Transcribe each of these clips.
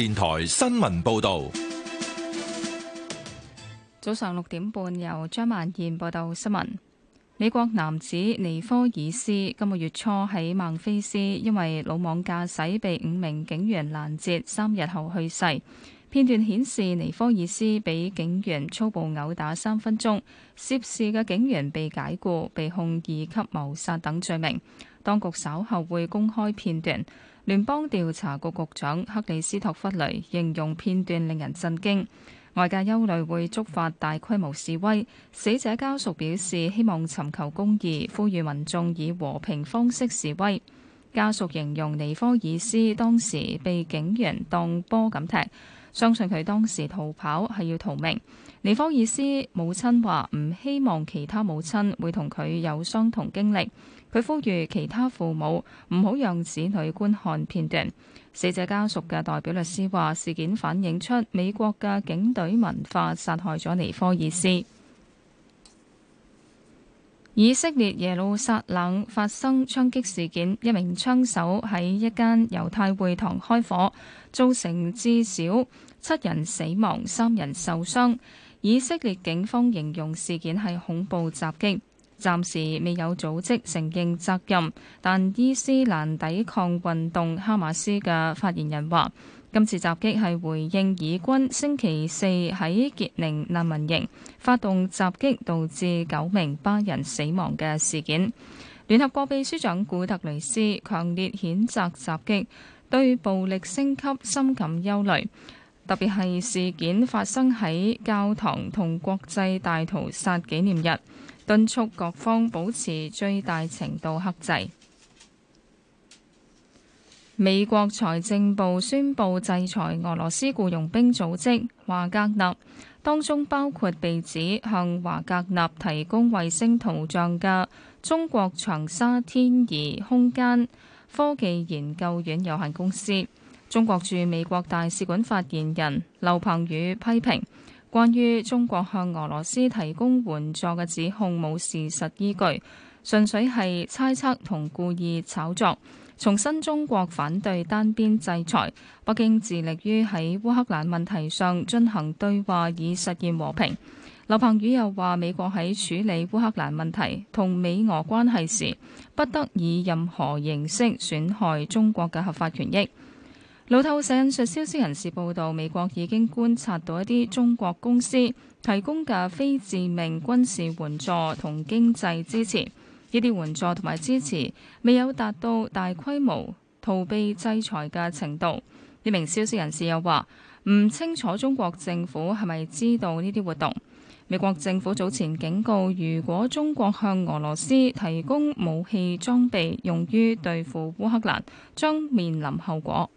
電台新聞報道：早上六點半，由張曼燕報道新聞。美國男子尼科爾斯今個月初喺孟菲斯因為魯莽駕駛被五名警員攔截，三日後去世。片段顯示尼科爾斯俾警員粗暴毆打三分鐘，涉事嘅警員被解僱，被控二級謀殺等罪名。當局稍後會公開片段。聯邦調查局局長克里斯托弗雷形容片段令人震驚，外界憂慮會觸發大規模示威。死者家屬表示希望尋求公義，呼籲民眾以和平方式示威。家屬形容尼科爾斯當時被警員當波咁踢，相信佢當時逃跑係要逃命。尼科爾斯母親話唔希望其他母親會同佢有相同經歷。佢呼籲其他父母唔好讓子女觀看片段。死者家屬嘅代表律師話：事件反映出美國嘅警隊文化殺害咗尼科爾斯。以色列耶路撒冷發生槍擊事件，一名槍手喺一間猶太會堂開火，造成至少七人死亡、三人受傷。以色列警方形容事件係恐怖襲擊。暫時未有組織承認責任，但伊斯蘭抵抗運動哈馬斯嘅發言人話：今次襲擊係回應以軍星期四喺傑寧難民營發動襲擊，導致九名巴人死亡嘅事件。聯合國秘書長古特雷斯強烈譴責襲擊，對暴力升級深感憂慮，特別係事件發生喺教堂同國際大屠殺紀念日。敦促各方保持最大程度克制。美國財政部宣布制裁俄羅斯僱傭兵組織華格納，當中包括被指向華格納提供衛星圖像嘅中國長沙天儀空間科技研究院有限公司。中國駐美國大使館發言人劉鵬宇批評。關於中國向俄羅斯提供援助嘅指控冇事實依據，純粹係猜測同故意炒作。重申中國反對單邊制裁，北京致力於喺烏克蘭問題上進行對話以實現和平。劉鵬宇又話：美國喺處理烏克蘭問題同美俄關係時，不得以任何形式損害中國嘅合法權益。老透社消息人士報道，美國已經觀察到一啲中國公司提供嘅非致命軍事援助同經濟支持。呢啲援助同埋支持未有達到大規模逃避制裁嘅程度。呢名消息人士又話唔清楚中國政府係咪知道呢啲活動，美國政府早前警告，如果中國向俄羅斯提供武器裝備用於對付烏克蘭將面臨後果。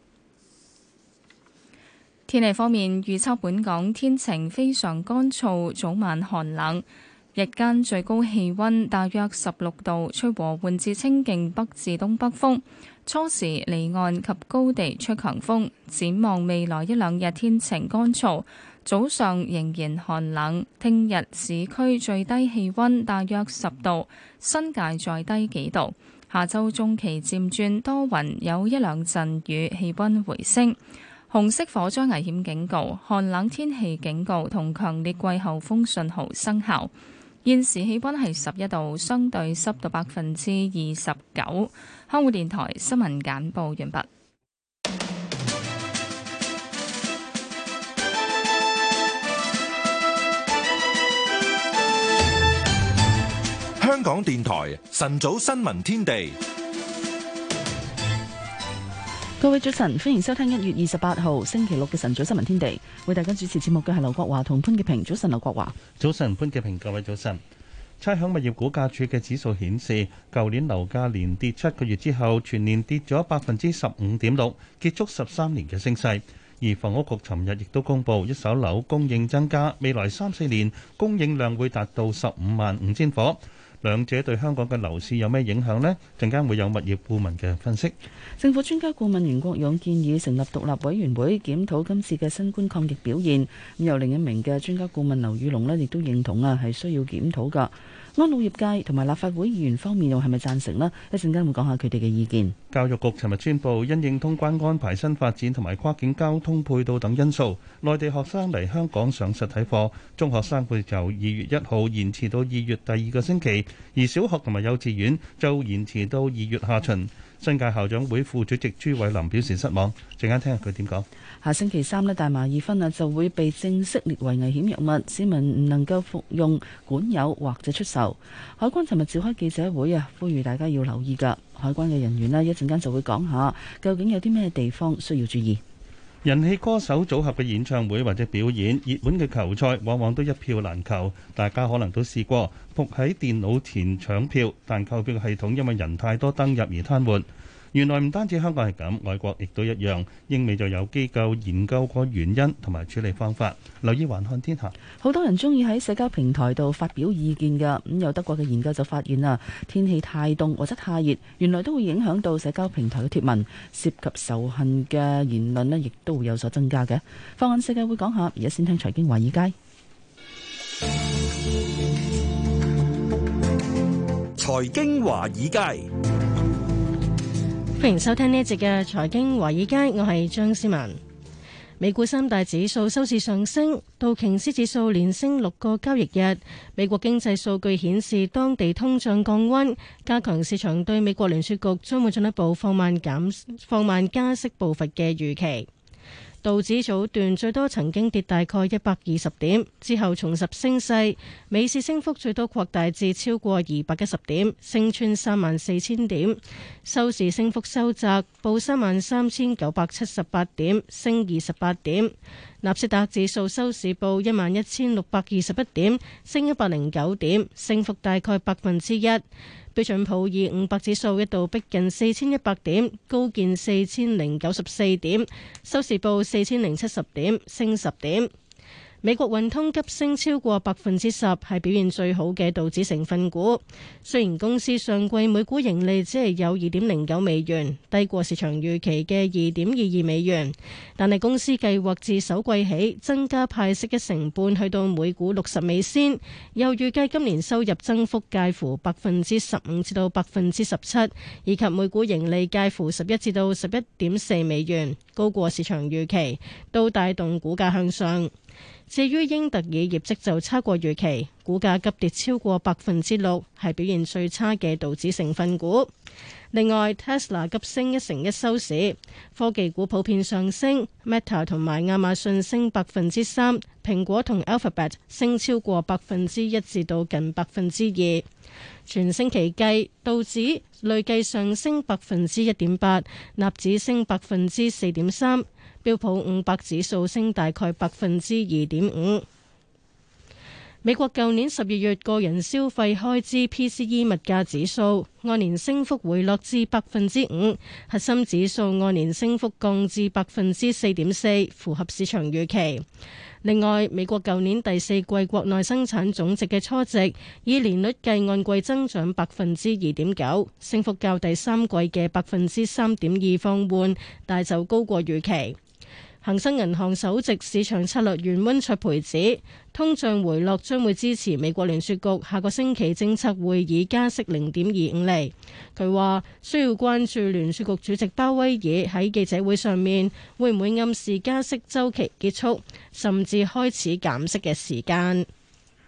天氣方面，預測本港天晴非常乾燥，早晚寒冷，日間最高氣溫大約十六度，吹和緩至清勁北至東北風，初時離岸及高地出強風。展望未來一兩日天晴乾燥，早上仍然寒冷。聽日市區最低氣溫大約十度，新界再低幾度。下周中期漸轉多雲，有一兩陣雨，氣溫回升。紅色火災危險警告、寒冷天氣警告同強烈季候風信號生效。現時氣溫係十一度，相對濕度百分之二十九。香港電台新聞簡報完畢。香港電台晨早新聞天地。各位早晨，歡迎收聽一月二十八號星期六嘅晨早新聞天地。為大家主持節目嘅係劉國華同潘潔平。早晨，劉國華。早晨，潘潔平。各位早晨。差餉物業估價署嘅指數顯示，舊年樓價連跌七個月之後，全年跌咗百分之十五點六，結束十三年嘅升勢。而房屋局尋日亦都公布一手樓供應增加，未來三四年供應量會達到十五萬五千伙。兩者對香港嘅樓市有咩影響呢？陣間會有物業顧問嘅分析。政府專家顧問袁國勇建議成立獨立委員會檢討今次嘅新冠抗疫表現。咁由另一名嘅專家顧問劉宇龍呢，亦都認同啊，係需要檢討㗎。安老業界同埋立法會議員方面又係咪贊成呢？一陣間會講下佢哋嘅意見。教育局尋日宣布，因應通關安排，新發展同埋跨境交通配套等因素，內地學生嚟香港上實體課，中學生會由二月一號延遲到二月第二個星期，而小學同埋幼稚園就延遲到二月下旬。新界校長會副主席朱偉林表示失望，陣間聽下佢點講。下星期三，呢大麻二酚啊就會被正式列為危險藥物，市民唔能夠服用、管有或者出售。海關尋日召開記者會啊，呼籲大家要留意噶。海關嘅人員呢，一陣間就會講下，究竟有啲咩地方需要注意。人氣歌手組合嘅演唱會或者表演、熱門嘅球賽往往都一票難求，大家可能都試過撲喺電腦前搶票，但購票系統因為人太多登入而癱瘓。原來唔單止香港係咁，外國亦都一樣。英美就有機構研究過原因同埋處理方法。留意環看天下，好多人鍾意喺社交平台度發表意見嘅。咁有德國嘅研究就發現啊，天氣太凍或者太熱，原來都會影響到社交平台嘅貼文，涉及仇恨嘅言論咧，亦都會有所增加嘅。放眼世界會講下，而家先聽財經華爾街。財經華爾街。歡迎收聽呢一節嘅財經華爾街，我係張思文。美股三大指數收市上升，道瓊斯指數連升六個交易日。美國經濟數據顯示，當地通脹降溫，加強市場對美國聯儲局將會進一步放慢減放慢加息步伐嘅預期。道指早段最多曾經跌大概一百二十點，之後重拾升勢，尾市升幅最多擴大至超過二百一十點，升穿三萬四千點。收市升幅收窄，報三萬三千九百七十八點，升二十八點。納斯達指數收市報一萬一千六百二十一點，升一百零九點，升幅大概百分之一。標準普爾五百指數一度逼近四千一百點，高見四千零九十四點，收市報四千零七十點，升十點。美國運通急升超過百分之十，係表現最好嘅道指成分股。雖然公司上季每股盈利只係有二點零九美元，低過市場預期嘅二點二二美元，但係公司計劃自首季起增加派息一成半，去到每股六十美仙，又預計今年收入增幅介乎百分之十五至到百分之十七，以及每股盈利介乎十一至到十一點四美元，高過市場預期，都帶動股價向上。至於英特爾業，業績就差過預期，股價急跌超過百分之六，係表現最差嘅道指成分股。另外，Tesla 急升一成一收市，科技股普遍上升，Meta 同埋亞馬遜升百分之三，蘋果同 Alphabet 升超過百分之一至到近百分之二。全星期計，道指累計上升百分之一點八，納指升百分之四點三。標普五百指數升大概百分之二點五。美國舊年十二月個人消費開支 p c e 物價指數按年升幅回落至百分之五，核心指數按年升幅降至百分之四點四，符合市場預期。另外，美國舊年第四季國內生產總值嘅初值以年率計按季增長百分之二點九，升幅較第三季嘅百分之三點二放緩，但就高過預期。恒生銀行首席市場策略員溫卓培指，通脹回落將會支持美國聯儲局下個星期政策會議加息零點二五厘。佢話需要關注聯儲局主席鮑威爾喺記者會上面會唔會暗示加息周期結束，甚至開始減息嘅時間。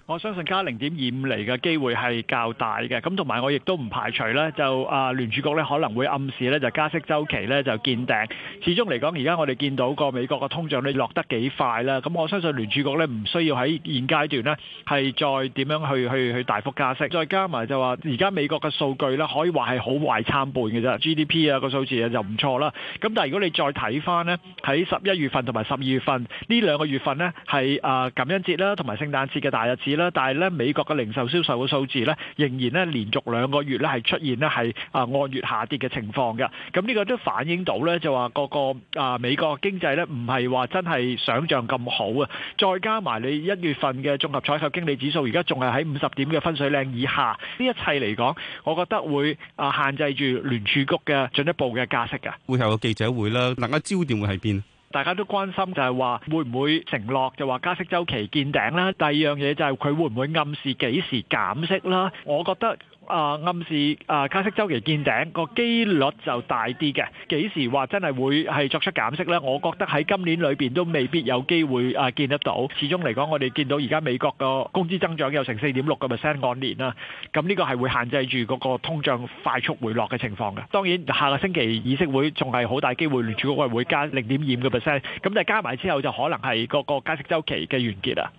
我相信加零點二五釐嘅機會係較大嘅，咁同埋我亦都唔排除咧，就啊聯儲局咧可能會暗示咧就加息週期咧就見頂。始終嚟講，而家我哋見到個美國嘅通脹率落得幾快啦，咁我相信聯儲局咧唔需要喺現階段咧係再點樣去去去大幅加息。再加埋就話，而家美國嘅數據咧可以話係好壞參半嘅啫，GDP 啊個數字啊就唔錯啦。咁但係如果你再睇翻咧，喺十一月份同埋十二月份呢兩個月份咧係啊感恩節啦同埋聖誕節嘅大日子。但係咧，美國嘅零售銷售嘅數字咧，仍然咧連續兩個月咧係出現咧係啊按月下跌嘅情況嘅。咁呢個都反映到咧，就話個個啊、呃、美國經濟咧唔係話真係想象咁好啊。再加埋你一月份嘅綜合採購經理指數，而家仲係喺五十點嘅分水嶺以下。呢一切嚟講，我覺得會啊限制住聯儲局嘅進一步嘅加息噶。會後嘅記者會啦，嗰個焦點會喺邊？大家都關心就係話會唔會承諾，就話加息周期見頂啦。第二樣嘢就係佢會唔會暗示幾時減息啦？我覺得。啊、呃，暗示啊、呃、加息周期見頂個機率就大啲嘅，幾時話真係會係作出減息呢？我覺得喺今年裏邊都未必有機會啊見得到，始終嚟講我哋見到而家美國個工資增長有成四點六個 percent 按年啦，咁呢個係會限制住嗰個通脹快速回落嘅情況嘅。當然下個星期議息會仲係好大機會，聯儲局會加零點二五個 percent，咁但係加埋之後就可能係嗰個加息周期嘅完結啊！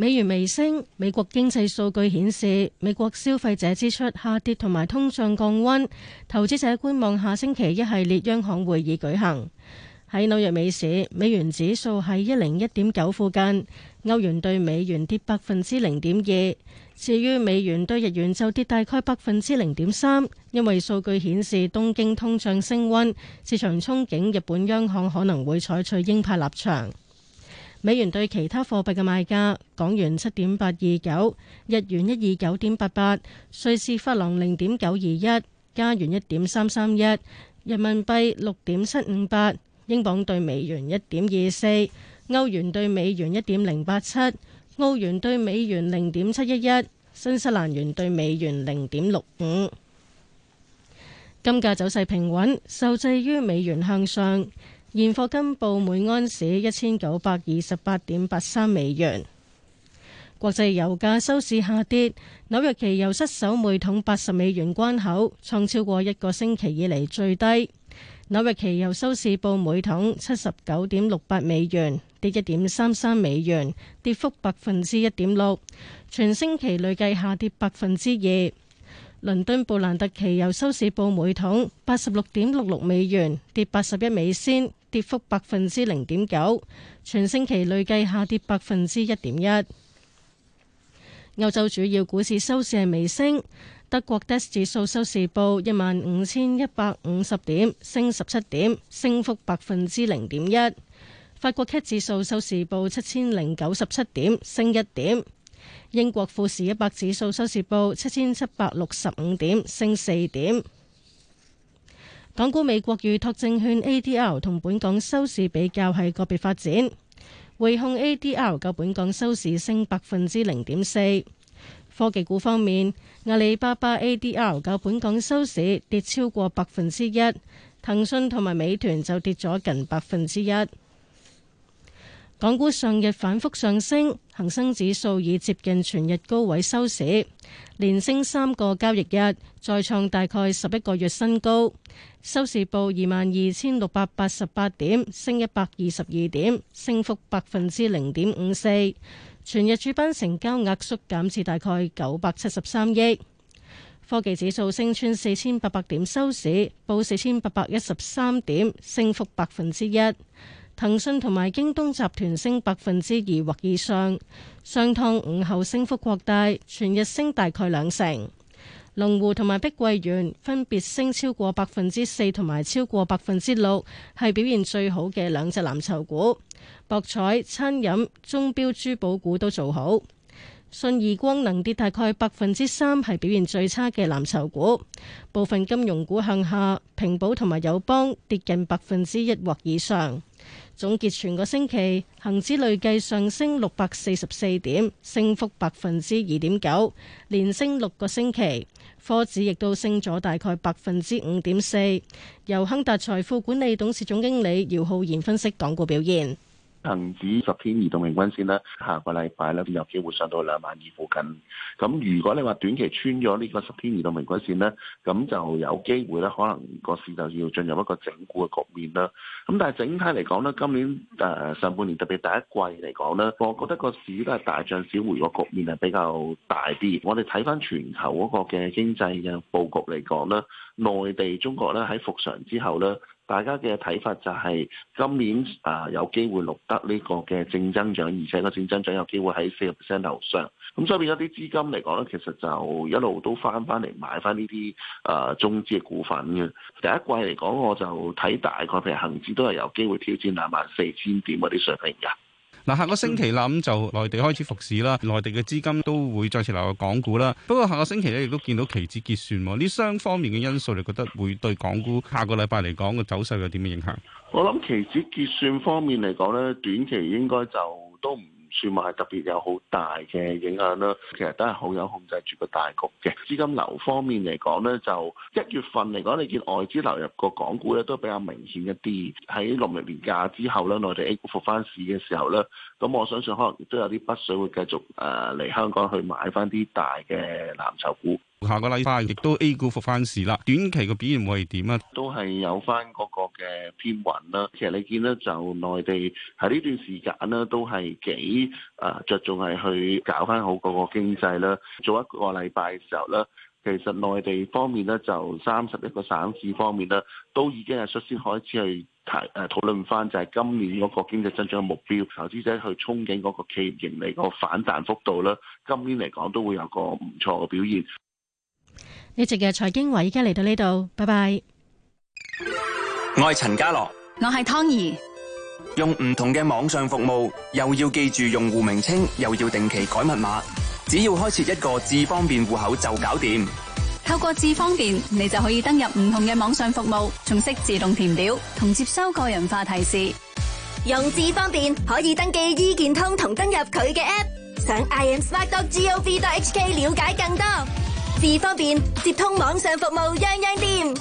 美元微升，美國經濟數據顯示美國消費者支出下跌同埋通脹降溫，投資者觀望下星期一系列央行會議舉行。喺紐約美市，美元指數喺一零一點九附近，歐元兌美元跌百分之零點二。至於美元兌日元就跌大概百分之零點三，因為數據顯示東京通脹升温，市場憧憬日本央行可能會採取鷹派立場。美元對其他貨幣嘅賣價：港元七點八二九，日元一二九點八八，瑞士法郎零點九二一，加元一點三三一，人民幣六點七五八，英鎊對美元一點二四，歐元對美元一點零八七，澳元對美元零點七一一，新西蘭元對美元零點六五。金價走勢平穩，受制於美元向上。現貨金報每安士一千九百二十八點八三美元。國際油價收市下跌，紐約期油失守每桶八十美元關口，創超過一個星期以嚟最低。紐約期油收市報每桶七十九點六八美元，跌一點三三美元，跌幅百分之一點六，全星期累計下跌百分之二。倫敦布蘭特期油收市報每桶八十六點六六美元，跌八十一美仙。跌幅百分之零點九，全星期累計下跌百分之一點一。歐洲主要股市收市係微升，德國 DAX 指數收市報一萬五千一百五十點，升十七點，升幅百分之零點一。法國 CAC 指數收市報七千零九十七點，升一點。英國富時一百指數收市報七千七百六十五點，升四點。港股美國預託證券 A D R 同本港收市比較係個別發展，匯控 A D R 較本港收市升百分之零點四。科技股方面，阿里巴巴 A D R 較本港收市跌超過百分之一，騰訊同埋美團就跌咗近百分之一。港股上日反覆上升，恒生指數已接近全日高位收市，連升三個交易日，再創大概十一個月新高。收市報二萬二千六百八十八點，升一百二十二點，升幅百分之零點五四。全日主板成交額縮減至大概九百七十三億。科技指數升穿四千八百點，收市報四千八百一十三點，升幅百分之一。騰訊同埋京東集團升百分之二或以上，上趟午後升幅擴大，全日升大概兩成。龍湖同埋碧桂園分別升超過百分之四同埋超過百分之六，係表現最好嘅兩隻藍籌股。博彩、餐飲、鐘表珠寶股都做好。信義光能跌大概百分之三，係表現最差嘅藍籌股。部分金融股向下，平保同埋友邦跌近百分之一或以上。總結全個星期，恒指累計上升六百四十四點，升幅百分之二點九，連升六個星期。科指亦都升咗大概百分之五點四。由亨達財富管理董事總經理姚浩然分析港股表現。恆指 十天移動平均線咧，下個禮拜咧都有機會上到兩萬二附近。咁如果你話短期穿咗呢個十天移動平均線呢，咁就有機會咧，可能個市就要進入一個整固嘅局面啦。咁但係整體嚟講呢，今年誒、呃、上半年特別第一季嚟講呢，我覺得個市都係大漲小回個局面係比較大啲。我哋睇返全球嗰個嘅經濟嘅佈局嚟講呢，內地中國咧喺復常之後呢。大家嘅睇法就係今年啊、呃、有機會錄得呢個嘅正增長，而且個正增長有機會喺四十 percent 樓上。咁所以變咗啲資金嚟講咧，其實就一路都翻翻嚟買翻呢啲啊中資嘅股份嘅。第一季嚟講，我就睇大概譬如恆指都係有機會挑戰兩萬四千點嗰啲水平㗎。嗱，下個星期諗就內地開始復市啦，內地嘅資金都會再次流入港股啦。不過下個星期咧，亦都見到期指結算喎，呢雙方面嘅因素，你覺得會對港股下個禮拜嚟講嘅走勢有啲咩影響？我諗期指結算方面嚟講咧，短期應該就都唔算係特別有好大嘅影響啦，其實都係好有控制住個大局嘅資金流方面嚟講咧，就一月份嚟講，你見外資流入個港股咧都比較明顯一啲。喺農曆年假之後咧，內地 A 股復翻市嘅時候咧，咁我相信可能都有啲北水會繼續誒嚟、呃、香港去買翻啲大嘅藍籌股。下個禮拜亦都 A 股復翻市啦，短期嘅表現會係點啊？都係有翻嗰個嘅偏穩啦。其實你見咧就內地喺呢段時間呢，都係幾啊着重係去搞翻好嗰個經濟啦。做一個禮拜嘅時候咧，其實內地方面咧就三十一個省市方面咧都已經係率先開始去提誒討論翻，啊、就係今年嗰個經濟增長嘅目標，投資者去憧憬嗰個企業盈利個反彈幅度啦。今年嚟講都會有個唔錯嘅表現。你直嘅財經話依家嚟到呢度，拜拜。我係陳家樂，我係 Tony。用唔同嘅網上服務，又要記住用戶名稱，又要定期改密碼。只要開設一個智方便戶口就搞掂。透過智方便，你就可以登入唔同嘅網上服務，仲識自動填表同接收個人化提示。用智方便可以登記醫健通同登入佢嘅 app，上 iamsmart.gov.hk 了解更多。事方便接通網上服務，樣樣掂。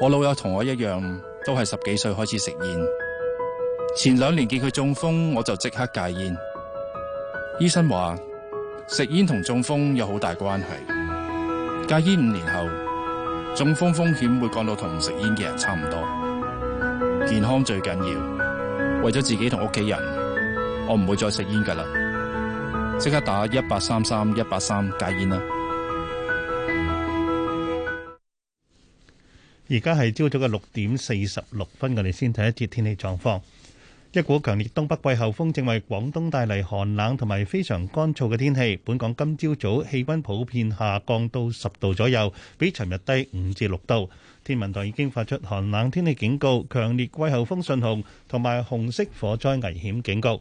我老友同我一樣，都係十幾歲開始食煙。前兩年見佢中風，我就即刻戒煙。醫生話食煙同中風有好大關係。戒煙五年後，中風風險會降到同唔食煙嘅人差唔多。健康最緊要，為咗自己同屋企人，我唔會再食煙噶啦。即刻打一八三三一八三戒煙啦！而家係朝早嘅六點四十六分，我哋先睇一節天氣狀況。一股強烈東北季候風正為廣東帶嚟寒冷同埋非常乾燥嘅天氣。本港今朝早氣温普遍下降到十度左右，比尋日低五至六度。天文台已經發出寒冷天氣警告、強烈季候風信號同埋紅色火災危險警告。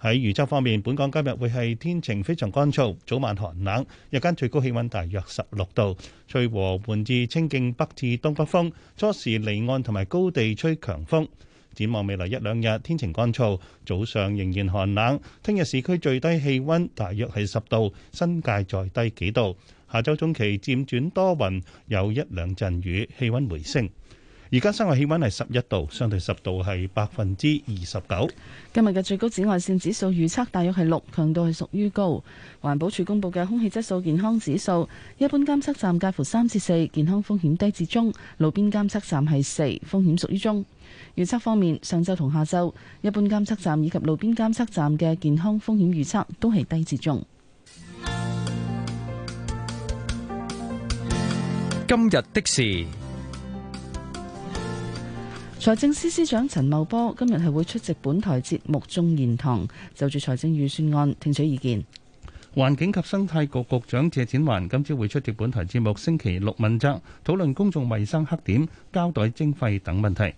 喺預測方面，本港今日會係天晴非常乾燥，早晚寒冷，日間最高氣温大約十六度，吹和緩至清勁北至東北風，初時離岸同埋高地吹強風。展望未來一兩日天晴乾燥，早上仍然寒冷，聽日市區最低氣温大約係十度，新界再低幾度。下周中期漸轉多雲，有一兩陣雨，氣温回升。而家室外氣溫係十一度，相對濕度係百分之二十九。今日嘅最高紫外綫指數預測大約係六，強度係屬於高。環保署公布嘅空氣質素健康指數，一般監測站介乎三至四，健康風險低至中；路邊監測站係四，風險屬於中。預測方面，上晝同下晝，一般監測站以及路邊監測站嘅健康風險預測都係低至中。今日的事。財政司司長陳茂波今日係會出席本台節目《眾言堂》，就住財政預算案聽取意見。環境及生態局局長謝展寰今朝會出席本台節目《星期六問責》，討論公眾衛生黑點、交代徵費等問題。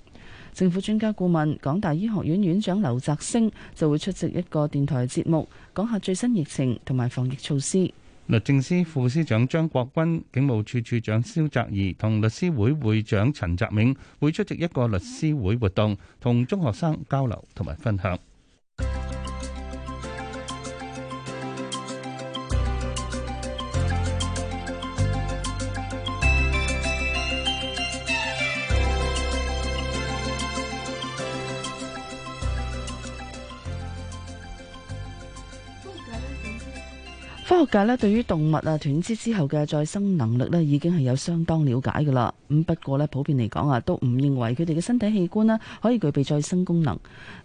政府專家顧問港大醫學院院長劉澤星就會出席一個電台節目，講下最新疫情同埋防疫措施。律政司副司長張國軍、警務處處長蕭澤頤同律師會會長陳澤銘會出席一個律師會活動，同中學生交流同埋分享。科學界呢對於動物啊斷肢之後嘅再生能力呢已經係有相當了解噶啦。咁不過呢普遍嚟講啊，都唔認為佢哋嘅身體器官呢可以具備再生功能。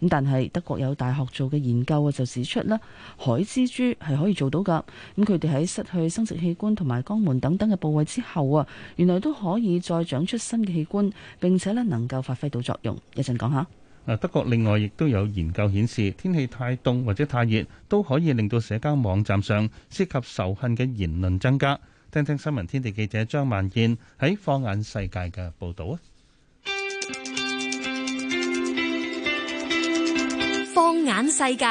咁但係德國有大學做嘅研究啊，就指出呢，海蜘蛛係可以做到噶。咁佢哋喺失去生殖器官同埋肛門等等嘅部位之後啊，原來都可以再長出新嘅器官，並且呢能夠發揮到作用。一陣講下。啊！德國另外亦都有研究顯示，天氣太凍或者太熱都可以令到社交網站上涉及仇恨嘅言論增加。聽聽新聞天地記者張萬燕喺放眼世界嘅報導啊！放眼世界，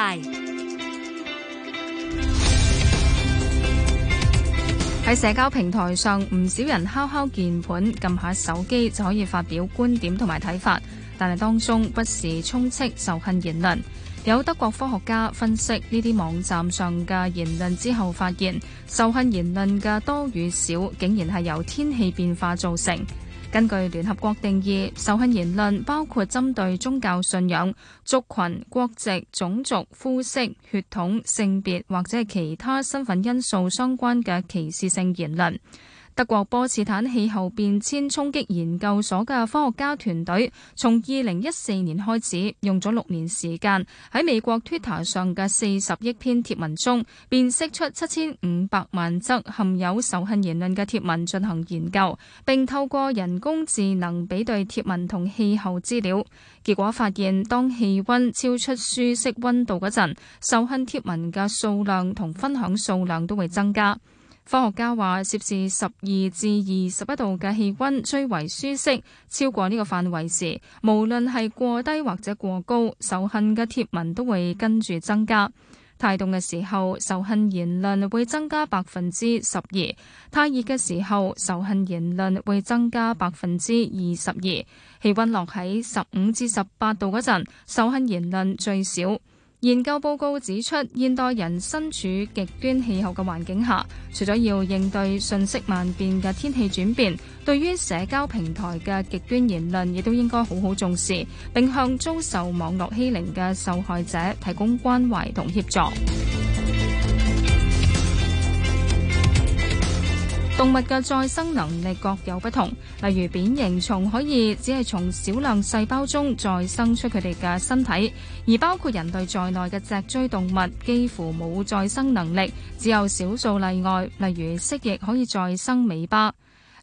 喺社交平台上，唔少人敲敲鍵盤，撳下手機就可以發表觀點同埋睇法。但係當中不時充斥仇恨言論，有德國科學家分析呢啲網站上嘅言論之後，發現仇恨言論嘅多與少，竟然係由天氣變化造成。根據聯合國定義，仇恨言論包括針對宗教信仰、族群、國籍、種族、膚色、血統、性別或者係其他身份因素相關嘅歧視性言論。德國波茨坦氣候變遷衝擊研究所嘅科學家團隊，從二零一四年開始，用咗六年時間，喺美國 Twitter 上嘅四十億篇貼文中，辨識出七千五百萬則含有仇恨言論嘅貼文進行研究，並透過人工智能比對貼文同氣候資料，結果發現當氣溫超出舒適溫度嗰陣，仇恨貼文嘅數量同分享數量都會增加。科學家話：攝氏十二至二十一度嘅氣温最為舒適。超過呢個範圍時，無論係過低或者過高，仇恨嘅貼文都會跟住增加。太凍嘅時候，仇恨言論會增加百分之十二；太熱嘅時候，仇恨言論會增加百分之二十二。氣温落喺十五至十八度嗰陣，仇恨言論最少。研究報告指出，現代人身處極端氣候嘅環境下，除咗要應對瞬息萬變嘅天氣轉變，對於社交平台嘅極端言論，亦都應該好好重視，並向遭受網絡欺凌嘅受害者提供關懷同協助。動物嘅再生能力各有不同，例如扁形蟲可以只係從少量細胞中再生出佢哋嘅身體，而包括人類在內嘅脊椎動物幾乎冇再生能力，只有少數例外，例如蜥蜴可以再生尾巴。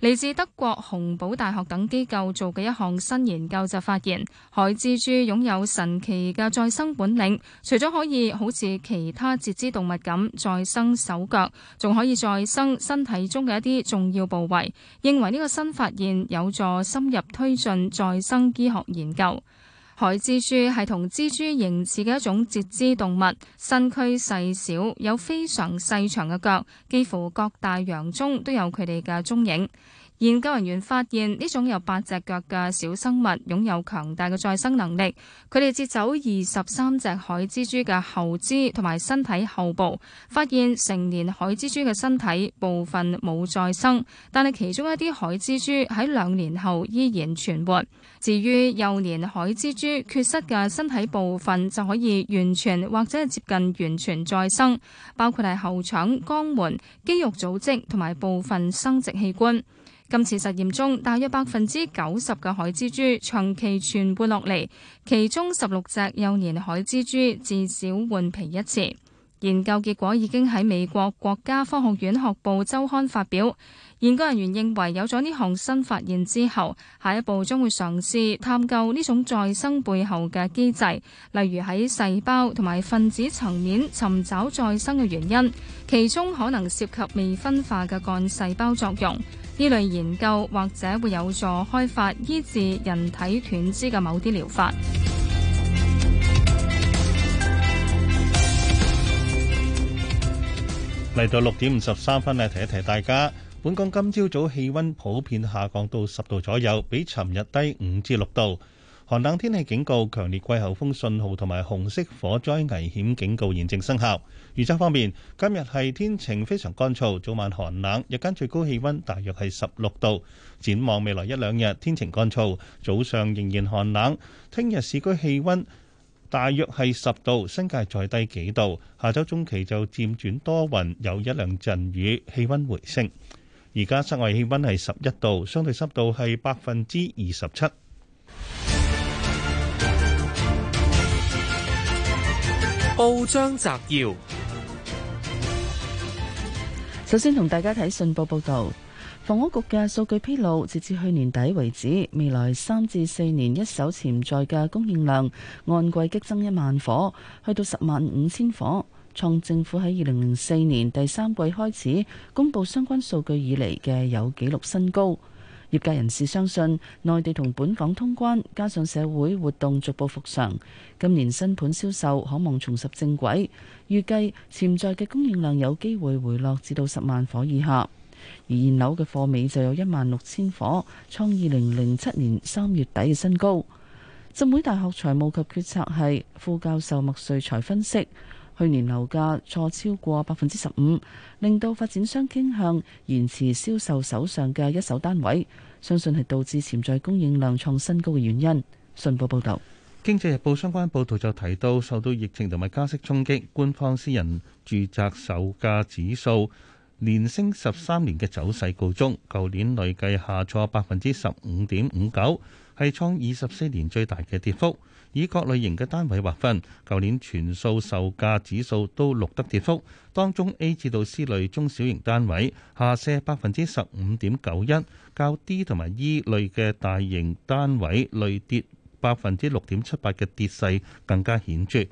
嚟自德國洪堡大學等機構做嘅一項新研究就發現，海蜘蛛擁有神奇嘅再生本領，除咗可以好似其他節肢動物咁再生手腳，仲可以再生身體中嘅一啲重要部位。認為呢個新發現有助深入推進再生醫學研究。海蜘蛛係同蜘蛛形似嘅一種節肢動物，身軀細小，有非常細長嘅腳，幾乎各大洋中都有佢哋嘅蹤影。研究人員發現呢種有八隻腳嘅小生物擁有強大嘅再生能力。佢哋截走二十三隻海蜘蛛嘅後肢同埋身體後部，發現成年海蜘蛛嘅身體部分冇再生，但係其中一啲海蜘蛛喺兩年後依然存活。至於幼年海蜘蛛缺失嘅身體部分就可以完全或者係接近完全再生，包括係後腸、肛門、肌肉組織同埋部分生殖器官。今次實驗中，大約百分之九十嘅海蜘蛛長期存活落嚟，其中十六隻幼年海蜘蛛至少換皮一次。研究結果已經喺美國國家科學院學部週刊發表。研究人員認為有咗呢項新發現之後，下一步將會嘗試探究呢種再生背後嘅機制，例如喺細胞同埋分子層面尋找再生嘅原因，其中可能涉及未分化嘅幹細胞作用。呢類研究或者會有助開發醫治人體斷肢嘅某啲療法。嚟到六點五十三分咧，提一提大家。本港今朝早氣温普遍下降到十度左右，比尋日低五至六度。寒冷天氣警告、強烈季候風信號同埋紅色火災危險警告現正生效。預測方面，今日係天晴，非常乾燥，早晚寒冷，日間最高氣温大約係十六度。展望未來一兩日，天晴乾燥，早上仍然寒冷。聽日市區氣温，大約係十度，新界再低幾度。下周中期就漸轉多雲，有一兩陣雨，氣溫回升。而家室外氣溫係十一度，相對濕度係百分之二十七。報章摘要，首先同大家睇信報報道。房屋局嘅數據披露，截至去年底為止，未來三至四年一手潛在嘅供應量按季激增一萬伙，去到十萬五千伙，創政府喺二零零四年第三季開始公布相關數據以嚟嘅有記錄新高。業界人士相信，內地同本港通關加上社會活動逐步復常，今年新盤銷售可望重拾正軌，預計潛在嘅供應量有機會回落至到十萬伙以下。而現樓嘅貨尾就有一萬六千夥，創二零零七年三月底嘅新高。浸會大學財務及決策系副教授麥瑞才分析，去年樓價挫超過百分之十五，令到發展商傾向延遲銷售手上嘅一手單位，相信係導致潛在供應量創新高嘅原因。信報報道《經濟日報》相關報導就提到，受到疫情同埋加息衝擊，官方私人住宅售價指數，連升十三年嘅走勢告終，舊年累計下挫百分之十五點五九，係創二十四年最大嘅跌幅。以各類型嘅單位劃分，舊年全數售價指數都錄得跌幅，當中 A 至到 C 類中小型單位下瀉百分之十五點九一，較 D 同埋 E 類嘅大型單位累跌百分之六點七八嘅跌勢更加顯著。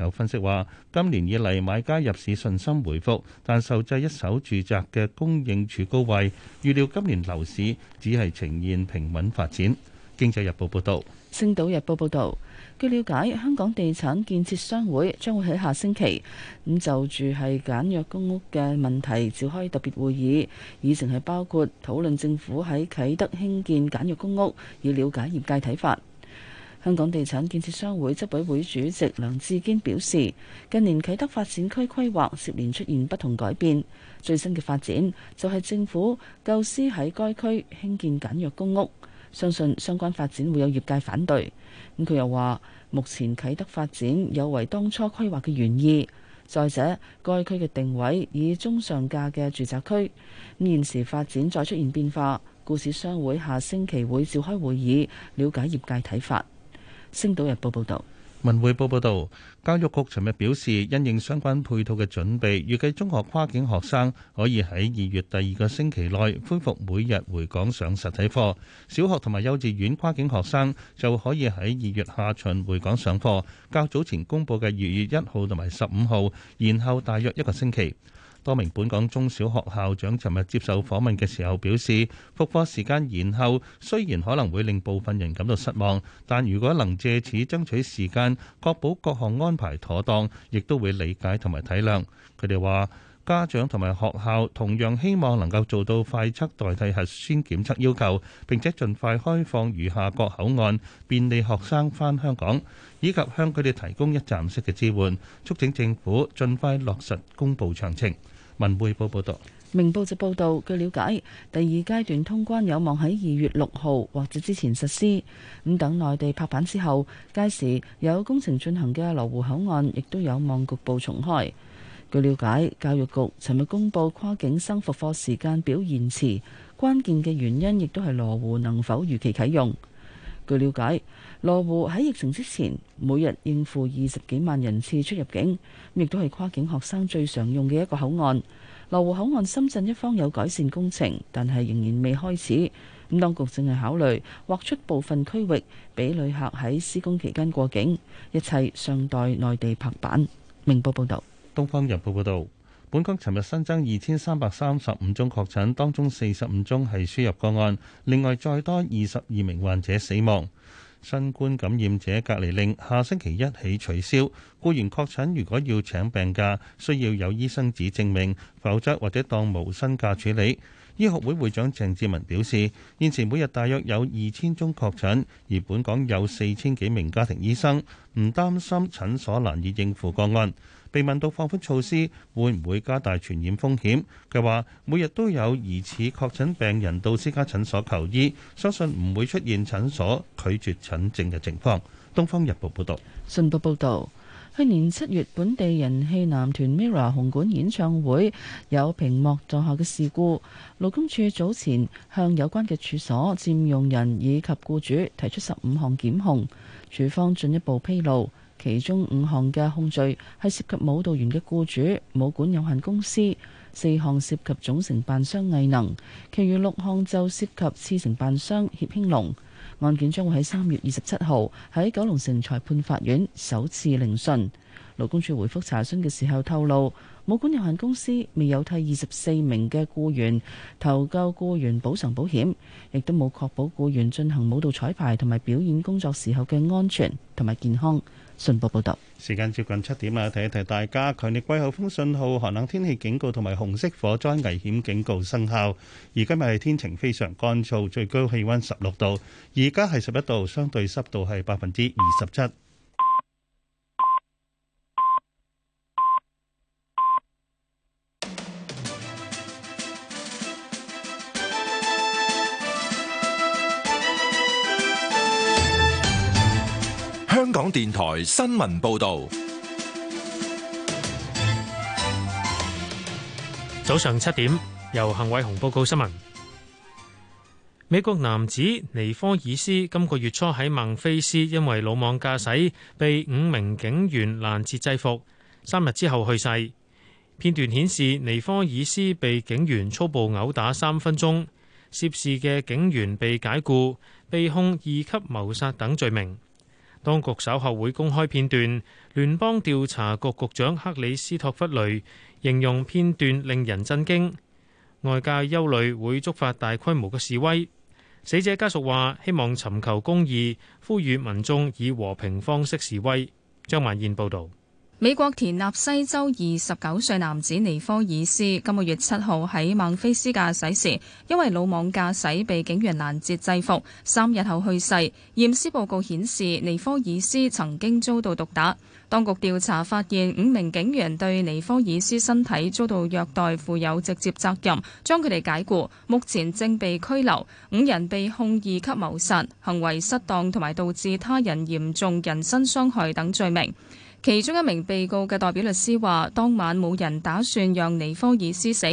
有分析話，今年以嚟買家入市信心回復，但受制一手住宅嘅供應處高位，預料今年樓市只係呈現平穩發展。經濟日報報導。星島日報報導，據了解，香港地產建設商會將會喺下星期咁就住係簡約公屋嘅問題召開特別會議，議程係包括討論政府喺啟德興建簡約公屋，以了解業界睇法。香港地產建設商會執委會主席梁志堅表示，近年啟德發展區規劃接連出現不同改變，最新嘅發展就係政府構思喺該區興建簡約公屋，相信相關發展會有業界反對。咁、嗯、佢又話，目前啟德發展有違當初規劃嘅原意，再者該區嘅定位以中上價嘅住宅區，咁、嗯、現時發展再出現變化，故此商會下星期會召開會議，了解業界睇法。星島日報報道，文匯報報道，教育局尋日表示，因應相關配套嘅準備，預計中學跨境學生可以喺二月第二個星期內恢復每日回港上實體課，小學同埋幼稚園跨境學生就可以喺二月下旬回港上課。較早前公布嘅二月一號同埋十五號，延後大約一個星期。多名本港中小學校長尋日接受訪問嘅時候表示，復課時間延後雖然可能會令部分人感到失望，但如果能藉此爭取時間，確保各項安排妥當，亦都會理解同埋體諒。佢哋話：家長同埋學校同樣希望能夠做到快測代替核酸檢測要求，並且盡快開放餘下各口岸，便利學生返香港，以及向佢哋提供一站式嘅支援，促請政府盡快落實公佈詳情。文匯報報道，明報就報道，據了解，第二階段通關有望喺二月六號或者之前實施。咁等內地拍板之後，屆時有工程進行嘅羅湖口岸亦都有望局部重開。據了解，教育局尋日公佈跨境生復課時間表延遲，關鍵嘅原因亦都係羅湖能否如期啟用。據了解。羅湖喺疫情之前，每日應付二十幾萬人次出入境，咁亦都係跨境學生最常用嘅一個口岸。羅湖口岸深圳一方有改善工程，但係仍然未開始。咁，當局正係考慮劃出部分區域俾旅客喺施工期間過境，一切尚待內地拍板。明報報道，《東方日報》報道，本港尋日新增二千三百三十五宗確診，當中四十五宗係輸入個案，另外再多二十二名患者死亡。新冠感染者隔離令下星期一起取消。僱員確診如果要請病假，需要有醫生紙證明，否則或者當無薪假處理。醫學會會長鄭志文表示，現時每日大約有二千宗確診，而本港有四千幾名家庭醫生，唔擔心診所難以應付個案。被問到放寬措施會唔會加大傳染風險，佢話每日都有疑似確診病人到私家診所求醫，相信唔會出現診所拒絕診症嘅情況。《東方日報》報道：「信報報道，去年七月本地人氣男團 Mirror 紅館演唱會有屏幕墜下嘅事故，勞工處早前向有關嘅處所、佔用人以及僱主提出十五項檢控，處方進一步披露。其中五項嘅控罪係涉及舞蹈員嘅僱主舞館有限公司，四項涉及總承辦商藝能，其餘六項就涉及次承辦商協興隆。案件將會喺三月二十七號喺九龍城裁判法院首次聆訊。勞工處回覆查詢嘅時候透露，舞館有限公司未有替二十四名嘅僱員投購僱員補償保險，亦都冇確保僱員進行舞蹈彩排同埋表演工作時候嘅安全同埋健康。信報報導，時間接近七點啊！提一提大家，強烈季候風信號、寒冷天氣警告同埋紅色火災危險警告生效。而今日係天晴非常乾燥，最高氣温十六度，而家係十一度，相對濕度係百分之二十七。香港電台新聞報道，早上七點由彭偉雄報告新聞。美國男子尼科爾斯今個月初喺孟菲斯因為魯莽駕駛被五名警員攔截制，制服，三日之後去世。片段顯示尼科爾斯被警員粗暴毆打三分鐘，涉事嘅警員被解僱，被控二級謀殺等罪名。當局稍後會公開片段，聯邦調查局局長克里斯托弗雷形容片段令人震驚，外界憂慮會觸發大規模嘅示威。死者家屬話希望尋求公義，呼籲民眾以和平方式示威。張曼燕報導。美國田納西州二十九歲男子尼科爾斯今個月七號喺孟菲斯駕駛時，因為魯莽駕駛被警員攔截制服，三日後去世。驗屍報告顯示，尼科爾斯曾經遭到毒打。當局調查發現，五名警員對尼科爾斯身體遭到虐待負有直接責任，將佢哋解雇。目前正被拘留，五人被控二級謀殺、行為失當同埋導致他人嚴重人身傷害等罪名。其中一名被告嘅代表律師話：當晚冇人打算讓尼科爾斯死。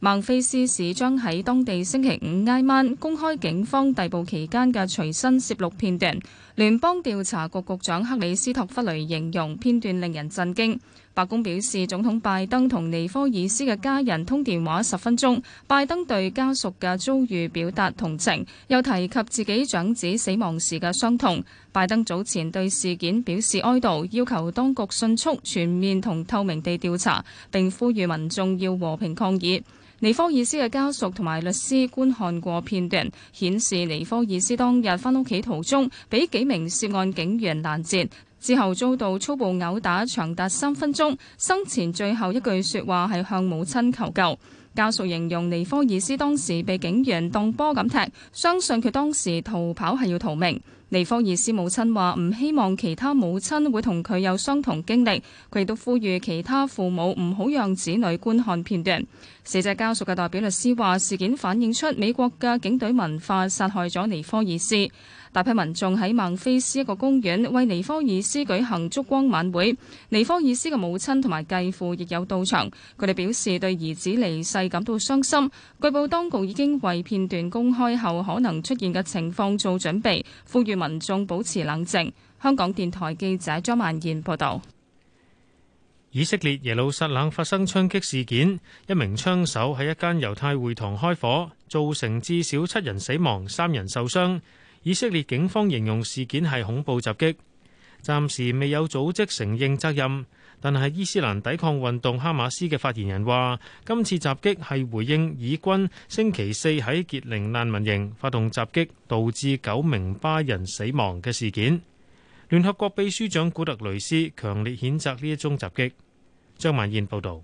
孟菲斯市將喺當地星期五挨晚公開警方逮捕期間嘅隨身攝錄片段。聯邦調查局局長克里斯托弗雷形容片段令人震驚。白宮表示，總統拜登同尼科爾斯嘅家人通電話十分鐘，拜登對家屬嘅遭遇表達同情，又提及自己長子死亡時嘅傷痛。拜登早前對事件表示哀悼，要求當局迅速、全面同透明地調查，並呼籲民眾要和平抗議。尼科爾斯嘅家屬同埋律師觀看過片段，顯示尼科爾斯當日翻屋企途中俾幾名涉案警員攔截。之後遭到粗暴毆打長達三分鐘，生前最後一句說話係向母親求救。家屬形容尼科爾斯當時被警員當波咁踢，相信佢當時逃跑係要逃命。尼科爾斯母親話唔希望其他母親會同佢有相同經歷，佢亦都呼籲其他父母唔好讓子女觀看片段。死者家屬嘅代表律師話，事件反映出美國嘅警隊文化殺害咗尼科爾斯。大批民眾喺孟菲斯一個公園為尼科爾斯舉行燭光晚會。尼科爾斯嘅母親同埋繼父亦有到場，佢哋表示對兒子離世感到傷心。據報當局已經為片段公開後可能出現嘅情況做準備，呼籲民眾保持冷靜。香港電台記者張萬賢報導。以色列耶路撒冷發生槍擊事件，一名槍手喺一間猶太會堂開火，造成至少七人死亡，三人受傷。以色列警方形容事件係恐怖襲擊，暫時未有組織承認責任。但係伊斯蘭抵抗運動哈馬斯嘅發言人話，今次襲擊係回應以軍星期四喺傑寧難民營發動襲擊，導致九名巴人死亡嘅事件。聯合國秘書長古特雷斯強烈譴責呢一宗襲擊，張曼燕報道。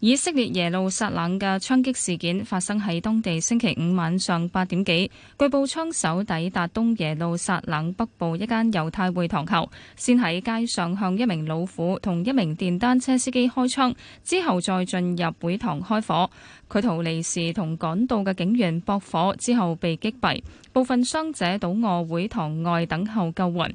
以色列耶路撒冷嘅槍擊事件發生喺當地星期五晚上八點幾，據報槍手抵達東耶路撒冷北部一間猶太會堂後，先喺街上向一名老婦同一名電單車司機開槍，之後再進入會堂開火。佢逃離時同趕到嘅警員駁火，之後被擊斃。部分傷者倒臥會堂外等候救援。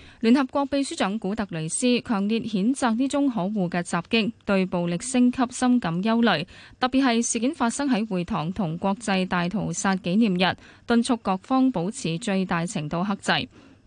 聯合國秘書長古特雷斯強烈譴責呢種可惡嘅襲擊，對暴力升級深感憂慮，特別係事件發生喺會堂同國際大屠殺紀念日，敦促各方保持最大程度克制。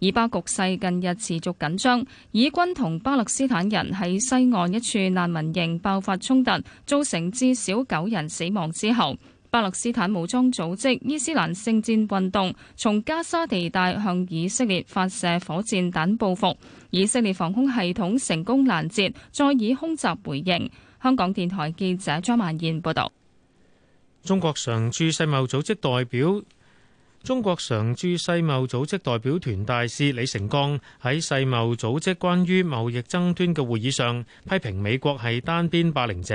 以巴局勢近日持續緊張，以軍同巴勒斯坦人喺西岸一處難民營爆發衝突，造成至少九人死亡之後，巴勒斯坦武裝組織伊斯蘭聖戰運動從加沙地帶向以色列發射火箭彈報復，以色列防空系統成功攔截，再以空襲回應。香港電台記者張曼燕報導。中國常駐世貿組織代表。中國常駐世貿組織代表團大使李成鋼喺世貿組織關於貿易爭端嘅會議上，批評美國係單邊霸凌者。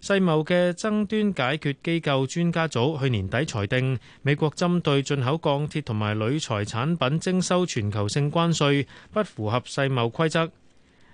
世貿嘅爭端解決機構專家組去年底裁定，美國針對進口鋼鐵同埋鋁材產品徵收全球性關稅，不符合世貿規則。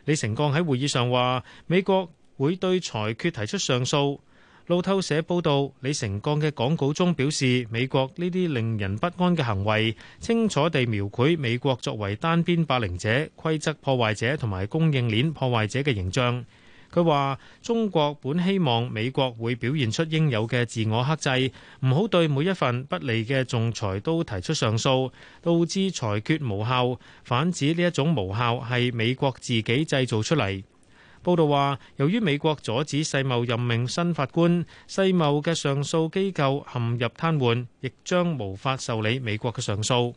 李成鋼喺會議上話，美國會對裁決提出上訴。路透社報道，李成鋼嘅廣告中表示，美國呢啲令人不安嘅行為，清楚地描繪美國作為單邊霸凌者、規則破壞者同埋供應鏈破壞者嘅形象。佢話：中國本希望美國會表現出應有嘅自我克制，唔好對每一份不利嘅仲裁都提出上訴，導致裁決無效。反指呢一種無效係美國自己製造出嚟。報道話，由於美國阻止世貿任命新法官，世貿嘅上訴機構陷入癱瘓，亦將無法受理美國嘅上訴。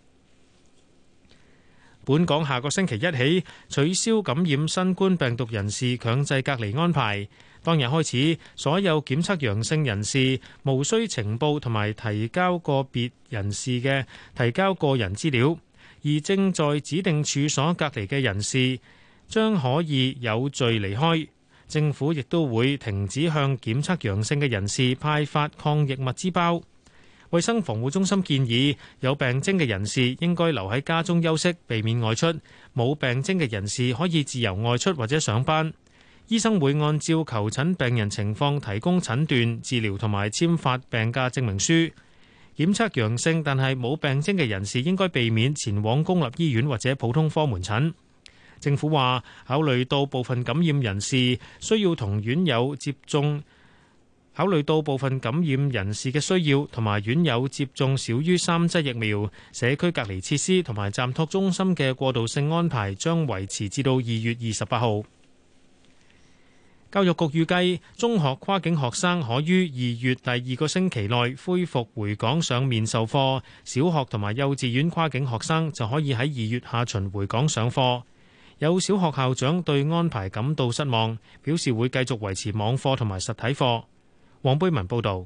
本港下個星期一起取消感染新冠病毒人士強制隔離安排。當日開始，所有檢測陽性人士無需呈報同埋提交個別人士嘅提交個人資料，而正在指定處所隔離嘅人士，將可以有序離開，政府亦都會停止向檢測陽性嘅人士派發抗疫物資包。衛生防護中心建議有病徵嘅人士應該留喺家中休息，避免外出；冇病徵嘅人士可以自由外出或者上班。醫生會按照求診病人情況提供診斷、治療同埋簽發病假證明書。檢測陽性但係冇病徵嘅人士應該避免前往公立醫院或者普通科門診。政府話，考慮到部分感染人士需要同院友接種，考慮到部分感染人士嘅需要同埋院友接種少於三劑疫苗，社區隔離設施同埋暫託中心嘅過渡性安排將維持至到二月二十八號。教育局預計中學跨境學生可於二月第二個星期內恢復回港上面授課，小學同埋幼稚園跨境學生就可以喺二月下旬回港上課。有小學校長對安排感到失望，表示會繼續維持網課同埋實體課。黃貝文報道，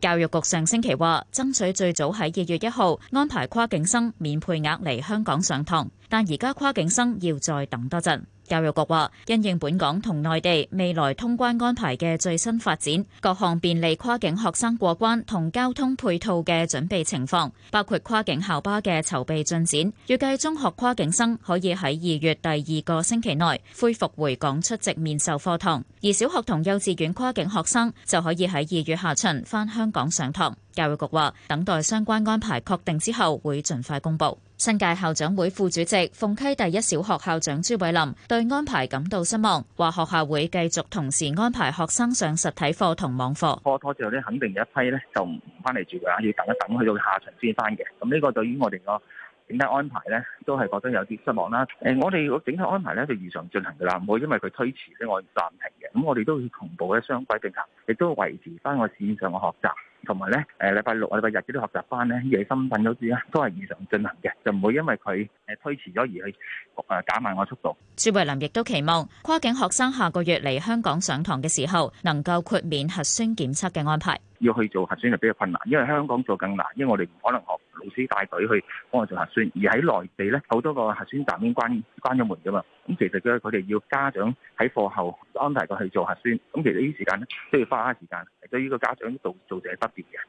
教育局上星期話爭取最早喺二月一號安排跨境生免配額嚟香港上堂，但而家跨境生要再等多陣。教育局話因應本港同內地未來通關安排嘅最新發展，各項便利跨境學生過關同交通配套嘅準備情況，包括跨境校巴嘅籌備進展，預計中學跨境生可以喺二月第二個星期內恢復回港出席面授課堂，而小學同幼稚園跨境學生就可以喺二月下旬翻香港上堂。教育局話等待相關安排確定之後會盡快公布。新界校長會副主席鳳溪第一小學校長朱偉林對安排感到失望，話學校會繼續同時安排學生上實體課同網課。拖拖之後咧，肯定有一批咧就唔翻嚟住噶，要等一等，去到下旬先翻嘅。咁呢個對於我哋個整體安排咧，都係覺得有啲失望啦。誒、嗯，我哋個整體安排咧就如常進行噶啦，唔會因為佢推遲咧，我暫停嘅。咁我哋都要同步咧雙軌並行，亦都維持翻我線上嘅學習。同埋咧，誒禮拜六啊、禮拜日嗰啲學習班咧，夜深瞓都知都係如常進行嘅，就唔會因為佢誒推遲咗而去誒減慢我速度。朱慧琳亦都期望跨境學生下個月嚟香港上堂嘅時候，能夠豁免核酸檢測嘅安排。要去做核酸就比較困難，因為香港做更難，因為我哋唔可能學老師帶隊去幫我做核酸，而喺內地咧，好多個核酸站已經關關咗門㗎嘛。咁其實咧，佢哋要家長喺課後安排佢去做核酸，咁其實啲時間咧都要花啲時間，對於個家長做做者不。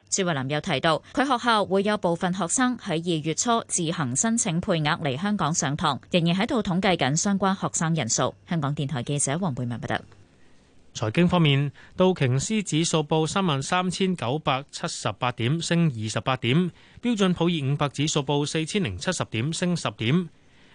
朱慧林又提到，佢學校會有部分學生喺二月初自行申請配額嚟香港上堂，仍然喺度統計緊相關學生人數。香港電台記者黃佩文報道。財經方面，道瓊斯指數報三萬三千九百七十八點，升二十八點；標準普爾五百指數報四千零七十點，升十點。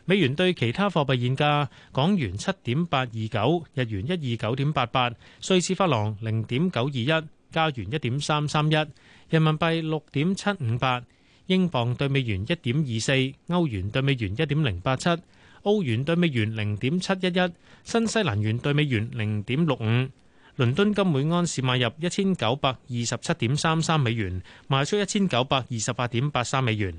美元對其他貨幣現價，港元七點八二九，日元一二九點八八，瑞士法郎零點九二一。加元一點三三一，1. 1，人民幣六點七五八，英鎊對美元一點二四，歐元對美元一點零八七，澳元對美元零點七一一，新西蘭元對美元零點六五。倫敦金每安士買入一千九百二十七點三三美元，賣出一千九百二十八點八三美元。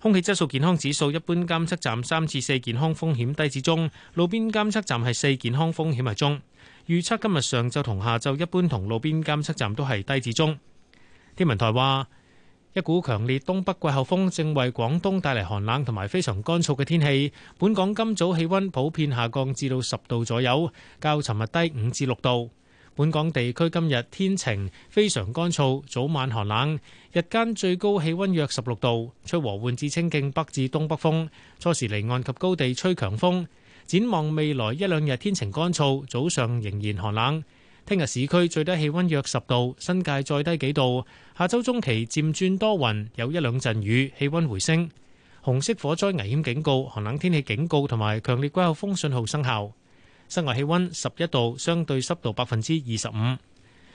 空氣質素健康指數，一般監測站三至四健康風險低至中，路邊監測站係四健康風險係中。預測今日上晝同下晝一般，同路邊監測站都係低至中。天文台話，一股強烈東北季候風正為廣東帶嚟寒冷同埋非常乾燥嘅天氣。本港今早氣温普遍下降至到十度左右，較尋日低五至六度。本港地區今日天晴，非常乾燥，早晚寒冷，日間最高氣温約十六度，吹和緩至清勁北至東北風，初時離岸及高地吹強風。展望未來一兩日天晴乾燥，早上仍然寒冷。聽日市區最低氣温約十度，新界再低幾度。下週中期漸轉多雲，有一兩陣雨，氣温回升。紅色火災危險警告、寒冷天氣警告同埋強烈季候風信號生效。室外氣温十一度，相對濕度百分之二十五。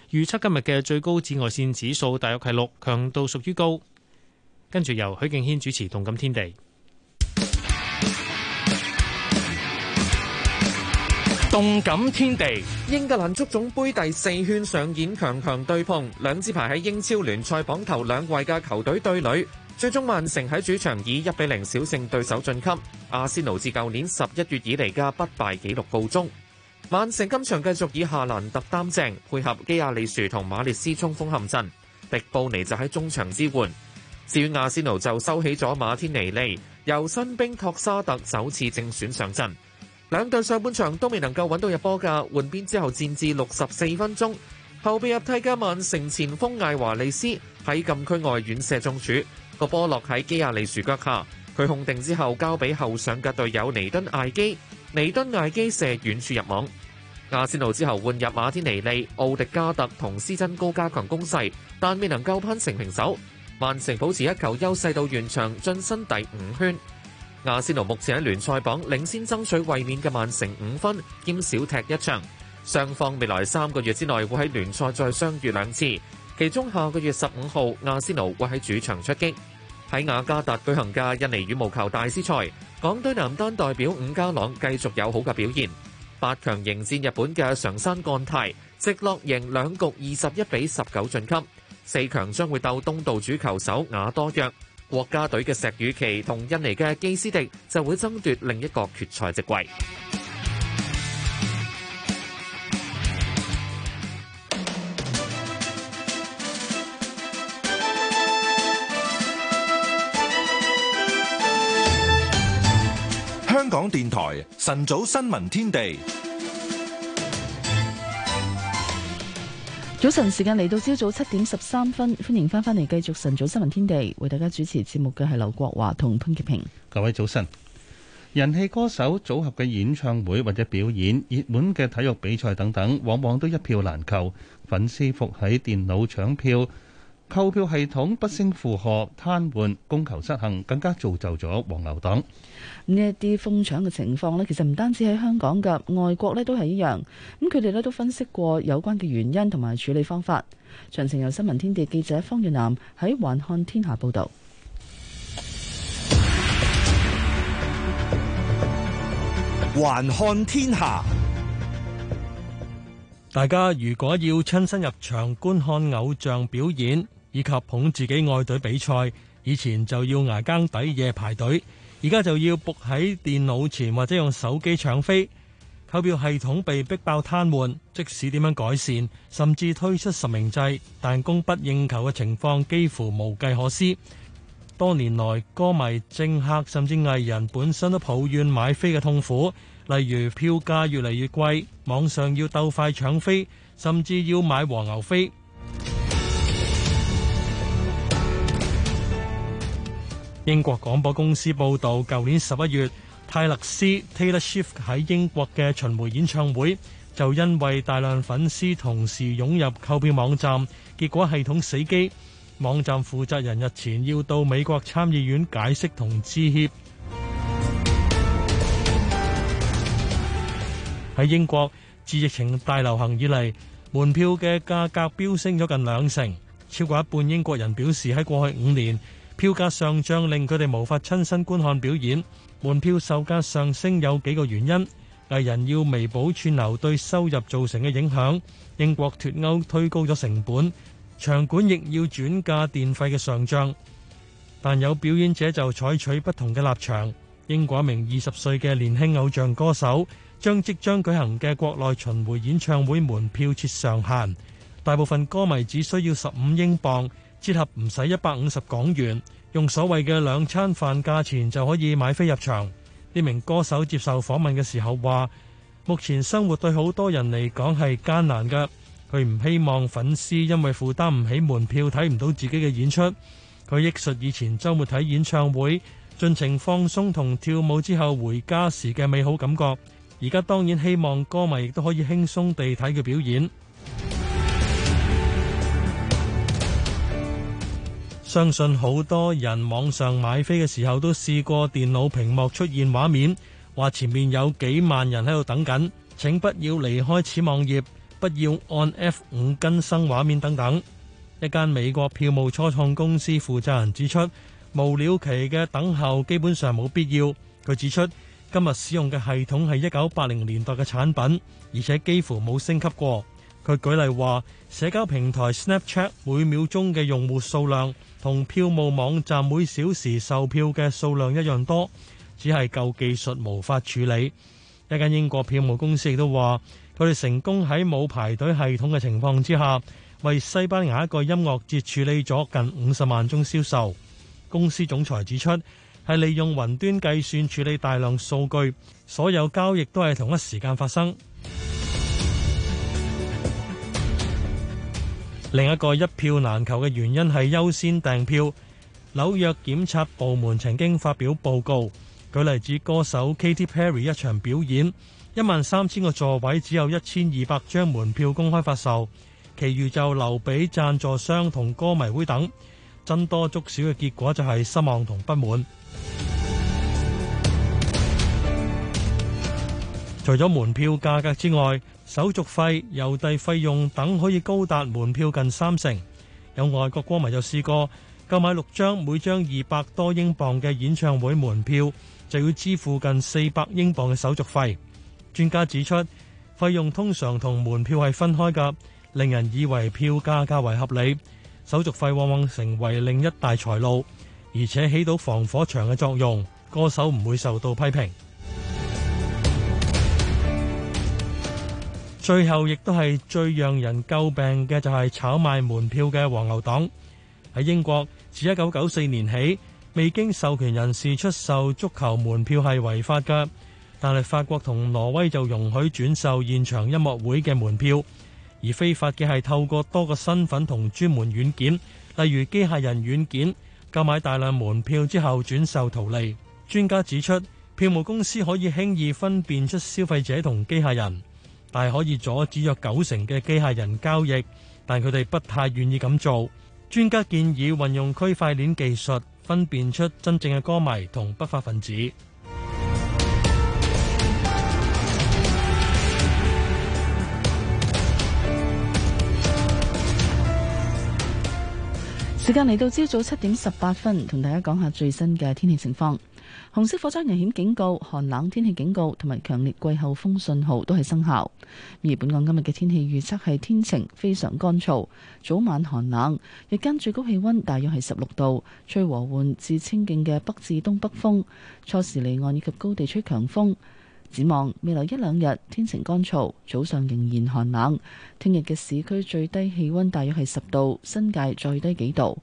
預測今日嘅最高紫外線指數大約係六，強度屬於高。跟住由許敬軒主持《動感天地》。動感天地，英格蘭足總杯第四圈上演強強對碰，兩支排喺英超聯賽榜頭兩位嘅球隊對壘，最終曼城喺主場以一比零小勝對手晉級，阿仙奴自舊年十一月以嚟嘅不敗紀錄告終。曼城今場繼續以夏蘭特擔正，配合基亞利殊同馬列斯衝鋒陷陣，迪布尼就喺中場支援。至於阿仙奴就收起咗馬天尼利，由新兵托沙特首次正選上陣。兩隊上半場都未能夠搵到入波嘅，換邊之後戰至六十四分鐘，後備入替嘅曼城前鋒艾華利斯喺禁區外遠射中柱，個波落喺基亞利殊腳下，佢控定之後交俾後上嘅隊友尼敦艾基，尼敦艾基射遠處入網。亞仙奴之後換入馬天尼利、奧迪加特同斯珍高加強攻勢，但未能夠攀成平手，曼城保持一球優勢到完場，晉身第五圈。阿仙奴目前喺聯賽榜領先爭取衛冕嘅曼城五分，兼少踢一場。雙方未來三個月之內會喺聯賽再相遇兩次，其中下個月十五號阿仙奴會喺主場出擊。喺雅加達舉行嘅印尼羽毛球大師賽，港隊男單代表伍家朗繼續有好嘅表現，八強迎戰日本嘅常山幹太，直落贏兩局二十一比十九晉級，四強將會鬥東道主球手雅多約。國家隊嘅石宇奇同印尼嘅基斯迪就會爭奪另一個決賽席位。香港電台晨早新聞天地。早晨時間嚟到朝早七點十三分，歡迎翻返嚟繼續晨早新聞天地，為大家主持節目嘅係劉國華同潘潔平。各位早晨！人氣歌手組合嘅演唱會或者表演，熱門嘅體育比賽等等，往往都一票難求，粉絲伏喺電腦搶票。購票系統不勝負荷、癱瘓、供求失衡，更加造就咗黃牛黨。呢一啲瘋搶嘅情況咧，其實唔單止喺香港嘅，外國咧都係一樣。咁佢哋咧都分析過有關嘅原因同埋處理方法。詳情由新聞天地記者方月南喺《環看天下》報道，《環看天下》。大家如果要親身入場觀看偶像表演，以及捧自己愛隊比賽，以前就要挨更抵夜排隊，而家就要伏喺電腦前或者用手機搶飛。購票系統被逼爆癱瘓，即使點樣改善，甚至推出實名制，但供不應求嘅情況幾乎無計可施。多年來，歌迷、政客甚至藝人本身都抱怨買飛嘅痛苦，例如票價越嚟越貴，網上要鬥快搶飛，甚至要買黃牛飛。英國廣播公司報導，舊年十一月，泰勒斯 Taylor Swift 喺英國嘅巡迴演唱會，就因為大量粉絲同時湧入購票網站，結果系統死機。網站負責人日前要到美國參議院解釋同致歉。喺英國，自疫情大流行以嚟，門票嘅價格飆升咗近兩成，超過一半英國人表示喺過去五年票價上漲令佢哋無法親身觀看表演，門票售價上升有幾個原因：藝人要彌補串流對收入造成嘅影響，英國脫歐推高咗成本，場館亦要轉嫁電費嘅上漲。但有表演者就採取不同嘅立場。英國一名二十歲嘅年輕偶像歌手，將即將舉行嘅國內巡迴演唱會門票設上限，大部分歌迷只需要十五英鎊。折合唔使一百五十港元，用所謂嘅兩餐飯價錢就可以買飛入場。呢名歌手接受訪問嘅時候話，目前生活對好多人嚟講係艱難噶，佢唔希望粉絲因為負擔唔起門票睇唔到自己嘅演出。佢憶述以前周末睇演唱會，盡情放鬆同跳舞之後回家時嘅美好感覺。而家當然希望歌迷亦都可以輕鬆地睇佢表演。相信好多人網上買飛嘅時候都試過電腦屏幕出現畫面，話前面有幾萬人喺度等緊，請不要離開此網頁，不要按 F 五更新畫面等等。一間美國票務初創公司負責人指出，無了期嘅等候基本上冇必要。佢指出，今日使用嘅系統係一九八零年代嘅產品，而且幾乎冇升級過。佢舉例話，社交平台 Snapchat 每秒鐘嘅用戶數量。同票務網站每小時售票嘅數量一樣多，只係舊技術無法處理。一間英國票務公司亦都話，佢哋成功喺冇排隊系統嘅情況之下，為西班牙一個音樂節處理咗近五十萬宗銷售。公司總裁指出，係利用雲端計算處理大量數據，所有交易都係同一時間發生。另一個一票難求嘅原因係優先訂票。紐約檢察部門曾經發表報告，舉例子歌手 Katy Perry 一場表演，一萬三千個座位只有一千二百張門票公開發售，其餘就留俾贊助商同歌迷會等，僧多粥少嘅結果就係失望同不滿。除咗門票價格之外，手續費、郵遞費用等可以高達門票近三成。有外國歌迷有試過購買六張每張二百多英鎊嘅演唱會門票，就要支付近四百英鎊嘅手續費。專家指出，費用通常同門票係分開㗎，令人以為票價較為合理。手續費往往成為另一大財路，而且起到防火牆嘅作用，歌手唔會受到批評。最後亦都係最讓人詬病嘅，就係炒賣門票嘅黃牛黨。喺英國自一九九四年起，未經授權人士出售足球門票係違法㗎。但係法國同挪威就容許轉售現場音樂會嘅門票，而非法嘅係透過多個身份同專門軟件，例如機械人軟件，購買大量門票之後轉售圖利。專家指出，票務公司可以輕易分辨出消費者同機械人。但係可以阻止約九成嘅機械人交易，但佢哋不太願意咁做。專家建議運用區塊鏈技術，分辨出真正嘅歌迷同不法分子。時間嚟到朝早七點十八分，同大家講下最新嘅天氣情況。紅色火災危險警告、寒冷天氣警告同埋強烈季候風信號都係生效。而本港今日嘅天氣預測係天晴、非常乾燥、早晚寒冷、日間最高氣温大約係十六度，吹和緩至清勁嘅北至東北風，初時離岸以及高地吹強風。展望未來一兩日天晴乾燥，早上仍然寒冷。聽日嘅市區最低氣温大約係十度，新界再低幾度。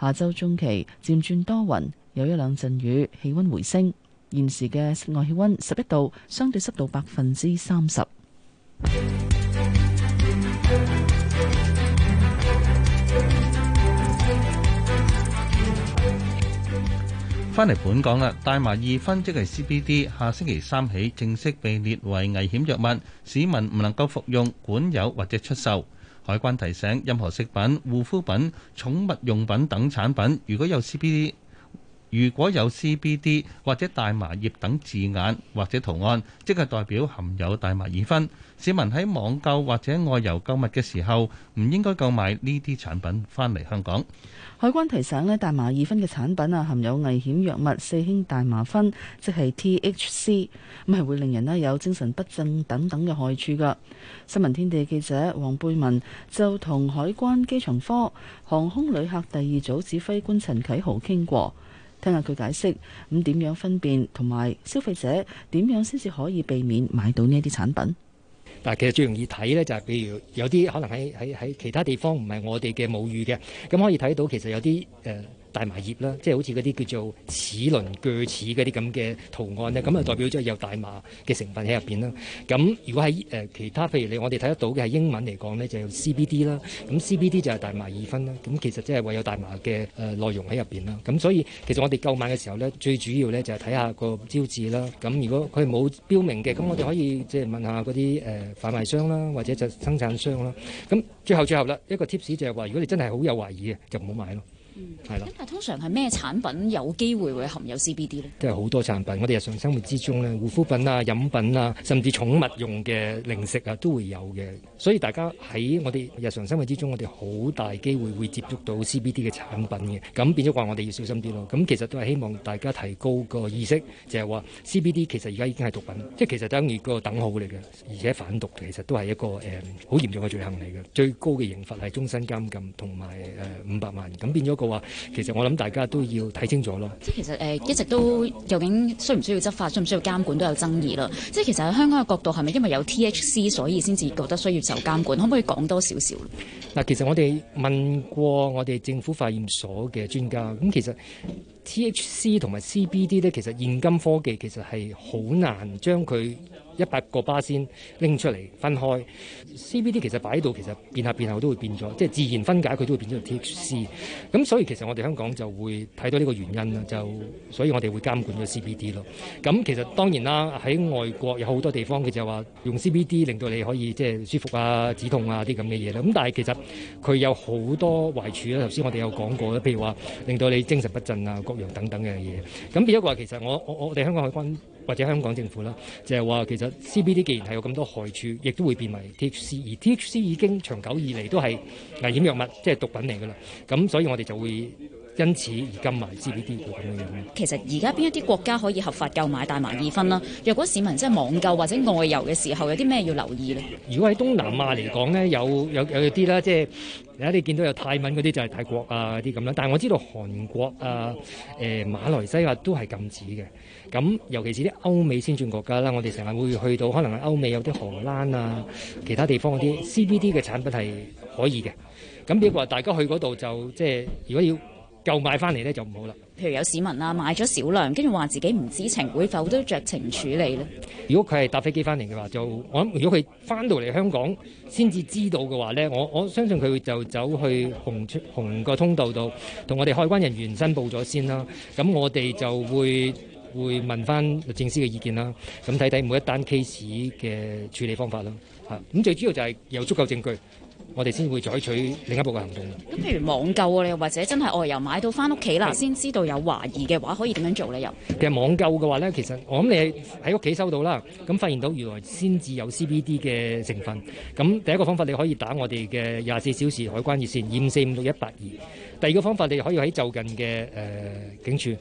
下周中期漸轉多雲。有一兩陣雨，氣溫回升。現時嘅室外氣溫十一度，相對濕度百分之三十。翻嚟本港啦，大麻二酚即係 CBD，下星期三起正式被列為危險藥物，市民唔能夠服用、管有或者出售。海關提醒，任何食品、護膚品、寵物用品等產品，如果有 CBD，如果有 CBD 或者大麻葉等字眼或者圖案，即係代表含有大麻二酚。市民喺網購或者外遊購物嘅時候，唔應該購買呢啲產品翻嚟香港。海關提醒咧，大麻二酚嘅產品啊，含有危險藥物四氫大麻酚，即係 T H C，咁係會令人咧有精神不振等等嘅害處噶。新聞天地記者黃貝文就同海關機場科航空旅客第二組指揮官陳啟豪傾過。聽下佢解釋，咁點樣分辨同埋消費者點樣先至可以避免買到呢一啲產品？但其實最容易睇咧，就係譬如有啲可能喺喺喺其他地方唔係我哋嘅母語嘅，咁可以睇到其實有啲誒、呃大麻葉啦，即係好似嗰啲叫做齒輪鋸齒嗰啲咁嘅圖案呢，咁啊代表咗有大麻嘅成分喺入邊啦。咁如果喺誒、呃、其他，譬如你我哋睇得到嘅係英文嚟講呢，就係 CBD 啦。咁 CBD 就係大麻二酚啦。咁其實即係話有大麻嘅誒、呃、內容喺入邊啦。咁所以其實我哋購買嘅時候呢，最主要呢就係、是、睇下個標誌啦。咁如果佢冇標明嘅，咁我哋可以即係問下嗰啲誒販賣商啦，或者就生產商啦。咁最後最後啦，一個 tips 就係話，如果你真係好有懷疑嘅，就唔好買咯。係咯，嗯、的但係通常係咩產品有機會會含有 CBD 咧？即係好多產品，我哋日常生活之中咧，護膚品啊、飲品啊，甚至寵物用嘅零食啊，都會有嘅。所以大家喺我哋日常生活之中，我哋好大機會會接觸到 CBD 嘅產品嘅。咁變咗話，我哋要小心啲咯。咁其實都係希望大家提高個意識，就係、是、話 CBD 其實而家已經係毒品，即係其實等於個等號嚟嘅。而且販毒其實都係一個誒好、嗯、嚴重嘅罪行嚟嘅，最高嘅刑罰係終身監禁同埋誒五百萬。咁變咗個。話其實我諗大家都要睇清楚咯。即係其實誒一直都究竟需唔需要執法、需唔需要監管都有爭議啦。即係其實喺香港嘅角度係咪因為有 THC 所以先至覺得需要受監管？可唔可以講多少少？嗱，其實我哋問過我哋政府化驗所嘅專家，咁其實。THC 同埋 CBD 咧，其實現今科技其實係好難將佢一百個巴仙拎出嚟分開。CBD 其實擺到其實變下變下都會變咗，即係自然分解佢都會變咗做 THC。咁所以其實我哋香港就會睇到呢個原因啦。就所以我哋會監管咗 CBD 咯。咁其實當然啦，喺外國有好多地方佢就話用 CBD 令到你可以即係舒服啊、止痛啊啲咁嘅嘢啦。咁但係其實佢有好多壞處啦。頭先我哋有講過譬如話令到你精神不振啊。等等嘅嘢，咁變咗話其實我我我哋香港海關或者香港政府啦，就係話其實 C B D 既然係有咁多害處，亦都會變為 T H C，而 T H C 已經長久以嚟都係危險藥物，即係毒品嚟㗎啦。咁所以我哋就會。因此而今買 C B D 嘅，咁樣樣，其實而家邊一啲國家可以合法購買大麻二酚啦？若果市民即係網購或者外遊嘅時候，有啲咩要留意咧？如果喺東南亞嚟講咧，有有有一啲啦，即係你睇，你見到有泰文嗰啲就係泰國啊啲咁啦。但係我知道韓國啊、誒、欸、馬來西亞都係禁止嘅。咁尤其是啲歐美先進國家啦，我哋成日會去到可能係歐美有啲荷蘭啊、其他地方嗰啲 C B D 嘅產品係可以嘅。咁比如話大家去嗰度就即係如果要。購買翻嚟咧就唔好啦。譬如有市民啦、啊、買咗少量，跟住話自己唔知情會，會否都酌情處理咧？如果佢係搭飛機翻嚟嘅話，就我諗。如果佢翻到嚟香港先至知道嘅話咧，我我相信佢就走去紅出紅個通道度，同我哋海關人員申報咗先啦。咁我哋就會會問翻律政司嘅意見啦。咁睇睇每一單 case 嘅處理方法啦。嚇，咁最主要就係有足夠證據。我哋先會採取另一步嘅行動。咁譬如網購啊，你又或者真係外遊買到翻屋企啦，先是知道有懷疑嘅話，可以點樣做咧？又其實網購嘅話咧，其實我諗你喺屋企收到啦，咁發現到原來先至有 CBD 嘅成分。咁第一個方法你可以打我哋嘅廿四小時海關熱線二五四五六一八二。第二個方法你可以喺就近嘅誒、呃、警署誒、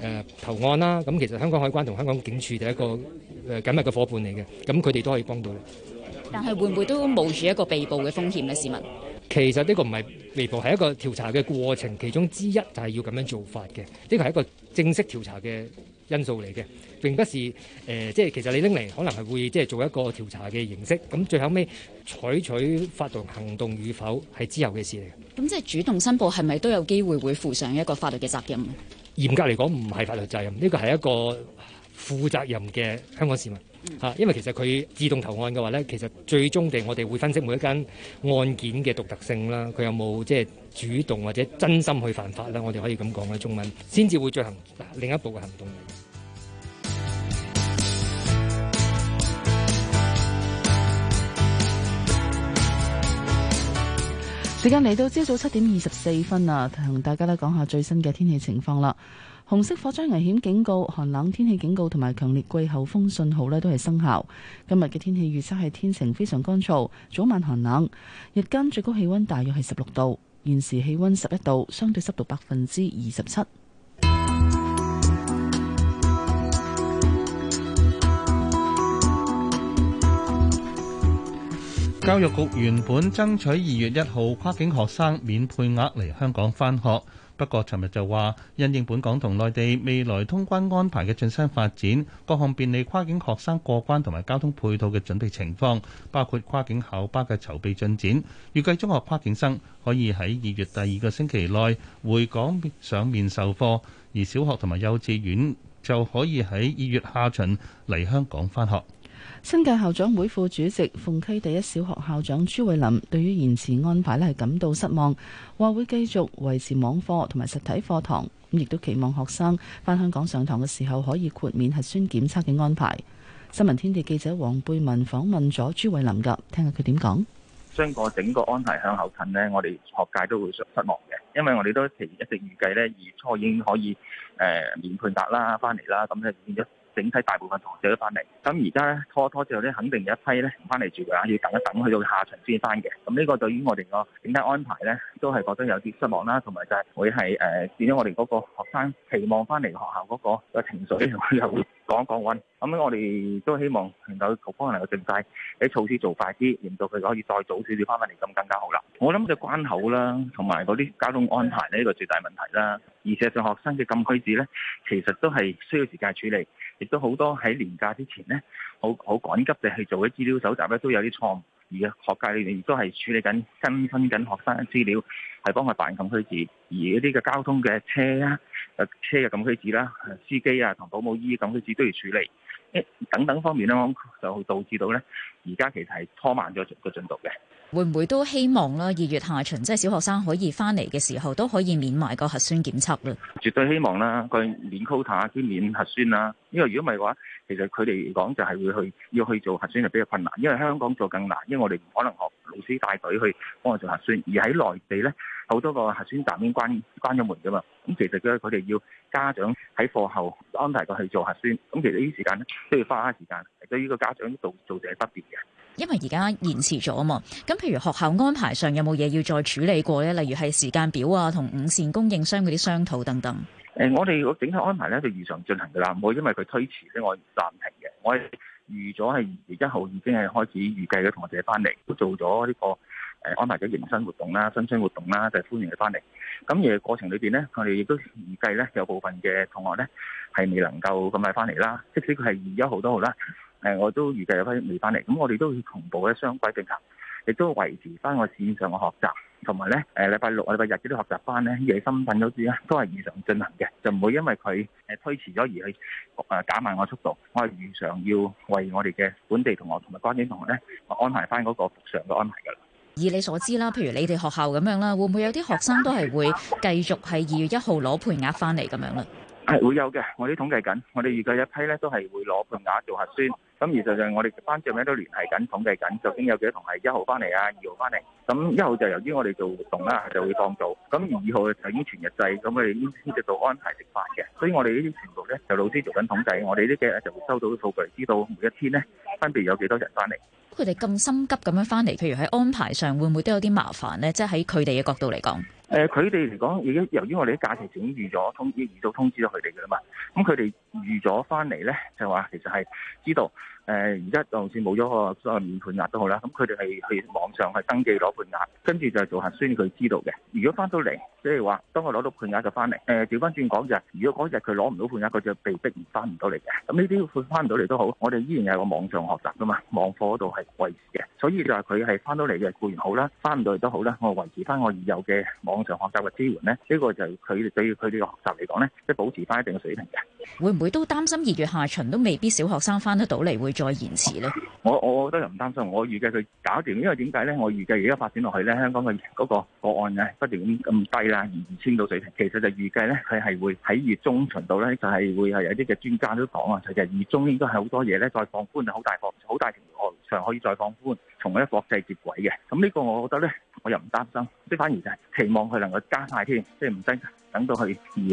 呃、投案啦。咁其實香港海關同香港警署係一個誒、呃、緊密嘅伙伴嚟嘅，咁佢哋都可以幫到你。但係會唔會都冒住一個被捕嘅風險呢？市民其實呢個唔係被捕，係一個調查嘅過程其中之一，就係要咁樣做法嘅。呢個係一個正式調查嘅因素嚟嘅，並不是誒、呃，即係其實你拎嚟可能係會即係做一個調查嘅形式。咁、嗯、最後尾採取法律行動與否係之後嘅事嚟嘅。咁即係主動申報係咪都有機會會負上一個法律嘅責任？嚴格嚟講唔係法律責任，呢個係一個負責任嘅香港市民。嚇，因為其實佢自動投案嘅話呢，其實最終地我哋會分析每一間案件嘅獨特性啦，佢有冇即係主動或者真心去犯法啦？我哋可以咁講咧，中文先至會進行另一步嘅行動嘅。時間嚟到朝早七點二十四分啊，同大家咧講下最新嘅天氣情況啦。紅色火災危險警告、寒冷天氣警告同埋強烈季候風信號咧都係生效。今日嘅天氣預測係天晴，非常乾燥，早晚寒冷，日間最高氣溫大約係十六度，現時氣溫十一度，相對濕度百分之二十七。教育局原本爭取二月一號跨境學生免配額嚟香港返學。不過尋日就話因應本港同內地未來通關安排嘅最新發展，各項便利跨境學生過關同埋交通配套嘅準備情況，包括跨境校巴嘅籌備進展。預計中學跨境生可以喺二月第二個星期內回港上面授課，而小學同埋幼稚園就可以喺二月下旬嚟香港返學。新界校長會副主席鳳溪第一小學校長朱偉林對於延遲安排咧，係感到失望，話會繼續維持網課同埋實體課堂，咁亦都期望學生翻香港上堂嘅時候可以豁免核酸檢測嘅安排。新聞天地記者黃貝文訪問咗朱偉林噶，聽下佢點講。將個整個安排向後褪，呢，我哋學界都會失望嘅，因為我哋都其一直預計呢，二月初已經可以誒免判達啦，翻嚟啦，咁咧變咗。整體大部分同學都翻嚟，咁而家咧拖一拖之後咧，肯定有一批咧唔翻嚟住㗎，要等一等去到下場先翻嘅。咁呢個對於我哋個整體安排咧，都係覺得有啲失望啦，同埋就係會係誒變咗我哋嗰個學生期望翻嚟學校嗰個個情緒，又會降降溫，咁我哋都希望能夠局方能夠盡快喺措施做快啲，令到佢可以再早少少翻返嚟咁更加好啦。我諗就關口啦，同埋嗰啲交通安排呢，呢個最大問題啦。而且對學生嘅禁區紙呢，其實都係需要時間處理，亦都好多喺年假之前呢，好好趕急地去做啲資料搜集呢，都有啲錯誤。而學界裏邊亦都係處理緊更新緊學生資料，係幫佢辦禁區紙，而嗰啲嘅交通嘅車啊、誒車嘅禁區紙啦、司機啊同保姆醫禁區紙都要處理，等等方面咧，就會導致到咧，而家其實係拖慢咗個進度嘅。會唔會都希望咧？二月下旬即係、就是、小學生可以翻嚟嘅時候，都可以免埋個核酸檢測咧？絕對希望啦，佢免 quota，先免核酸啦。因為如果唔係嘅話，其實佢哋講就係會去要去做核酸就比較困難，因為香港做更難，因為我哋唔可能學老師帶隊去幫我做核酸，而喺內地咧，好多個核酸站已經關關咗門噶嘛。咁其實咧，佢哋要家長喺課後安排佢去做核酸，咁其實呢啲時間咧都要花時間，係對於個家長做做者不便嘅。因為而家延遲咗啊嘛，咁譬如學校安排上有冇嘢要再處理過咧？例如係時間表啊，同五線供應商嗰啲商討等等。誒、嗯，我哋個整體安排咧就如常進行噶啦，唔會因為佢推遲咧我暫停嘅。我係預咗係二一號已經係開始預計嘅同學仔翻嚟，都做咗呢個誒安排咗迎新活動啦、新春活動啦，就係、歡迎佢翻嚟。咁而過程裏邊咧，我哋亦都預計咧有部分嘅同學咧係未能夠咁快翻嚟啦，即使佢係二一號都好啦。誒，我都預計有翻未返嚟，咁我哋都會同步喺雙軌並行，亦都維持翻我線上嘅學習，同埋咧誒，禮拜六、禮拜日嗰啲學習班咧，嘢新品都知啦，都係如常進行嘅，就唔會因為佢誒推遲咗而去誒減慢我速度，我係如常要為我哋嘅本地同學同埋關聯同學咧安排翻嗰個常嘅安排㗎啦。以你所知啦，譬如你哋學校咁樣啦，會唔會有啲學生都係會繼續係二月一號攞配額翻嚟咁樣咧？係會有嘅，我哋統計緊，我哋預計一批咧都係會攞配額做核酸。咁而實際上，我哋班長咧都聯繫緊，統計緊究竟有幾多同學一號翻嚟啊，二號翻嚟。咁一號就由於我哋做活動啦，就會放早。咁二號就已經全日制，咁我哋已經知道安排食飯嘅。所以我哋呢啲全部咧，就老師做緊統計。我哋呢幾日就會收到數據，知道每一天咧分別有幾多人翻嚟。佢哋咁心急咁樣翻嚟，譬如喺安排上會唔會都有啲麻煩咧？即係喺佢哋嘅角度嚟講。誒，佢哋嚟講，已經由於我哋假期前已經預咗通知，預早通知咗佢哋噶啦嘛，咁佢哋預咗翻嚟咧，就話其實係知道。誒，而家就算冇咗個即係免配額都好啦，咁佢哋係去網上去登記攞配額，跟住就係做核酸佢知道嘅。如果翻到嚟，即係話當我攞到配額就翻嚟。誒、呃，調翻轉講就係，如果嗰日佢攞唔到配額，佢就被逼唔翻唔到嚟嘅。咁呢啲賠翻唔到嚟都好，我哋依然係個網上學習噶嘛網課嗰度係維持嘅。所以就係佢係翻到嚟嘅固然好啦，翻唔到嚟都好啦，我維持翻我已有嘅網上學習嘅資源咧，呢、這個就佢哋對佢哋嘅學習嚟講咧，即、就、係、是、保持翻一定嘅水平嘅。會唔會都擔心二月下旬都未必小學生翻得到嚟，會再延遲咧？我我覺得又唔擔心，我預計佢搞掂，因為點解咧？我預計而家發展落去咧，香港嘅嗰個個案咧，不斷咁咁低啦，二千到水平，其實就預計咧，佢係會喺月中巡度咧，就係、是、會係有啲嘅專家都講啊，就係、是、月中應該係好多嘢咧，再放寬啊，好大放，好大程度上可以再放寬，同一國際接軌嘅。咁呢個我覺得咧，我又唔擔心，即反而就係期望佢能夠加快添，即係唔得。等到去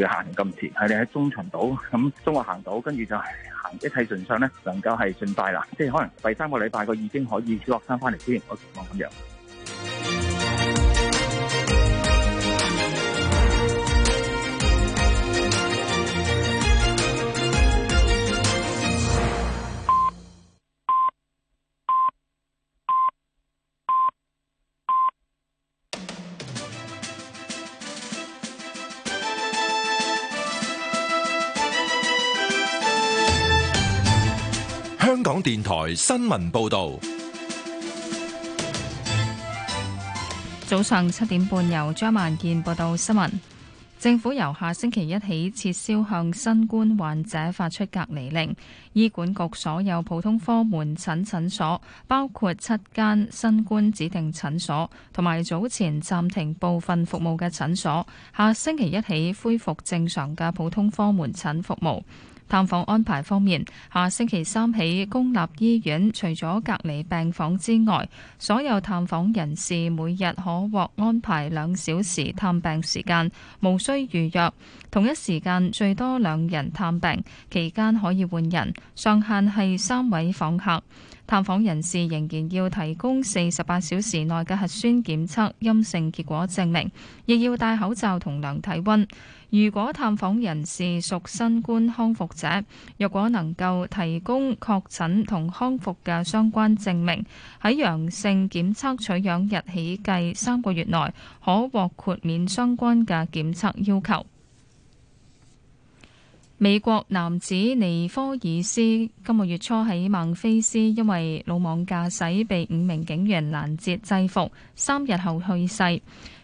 二行咁前，係你喺中旬到，咁、嗯、中學行到，跟住就係行一切順上咧，能夠係順帶啦，即係可能第三個禮拜佢已經可以學生翻嚟出現嗰情況咁樣。香港電台新聞報道，早上七點半由張萬健報道新聞。政府由下星期一起撤銷向新冠患者發出隔離令，醫管局所有普通科門診診所，包括七間新冠指定診所，同埋早前暫停部分服務嘅診所，下星期一起恢復正常嘅普通科門診服務。探訪安排方面，下星期三起，公立醫院除咗隔離病房之外，所有探訪人士每日可獲安排兩小時探病時間，無需預約。同一時間最多兩人探病，期間可以換人，上限係三位訪客。探訪人士仍然要提供四十八小時內嘅核酸檢測陰性結果證明，亦要戴口罩同量體溫。如果探訪人士屬新冠康復者，若果能夠提供確診同康復嘅相關證明，喺陽性檢測取樣日起計三個月內可獲豁免相關嘅檢測要求。美國男子尼科爾斯今個月初喺孟菲斯因為魯莽駕駛被五名警員攔截制服，三日後去世。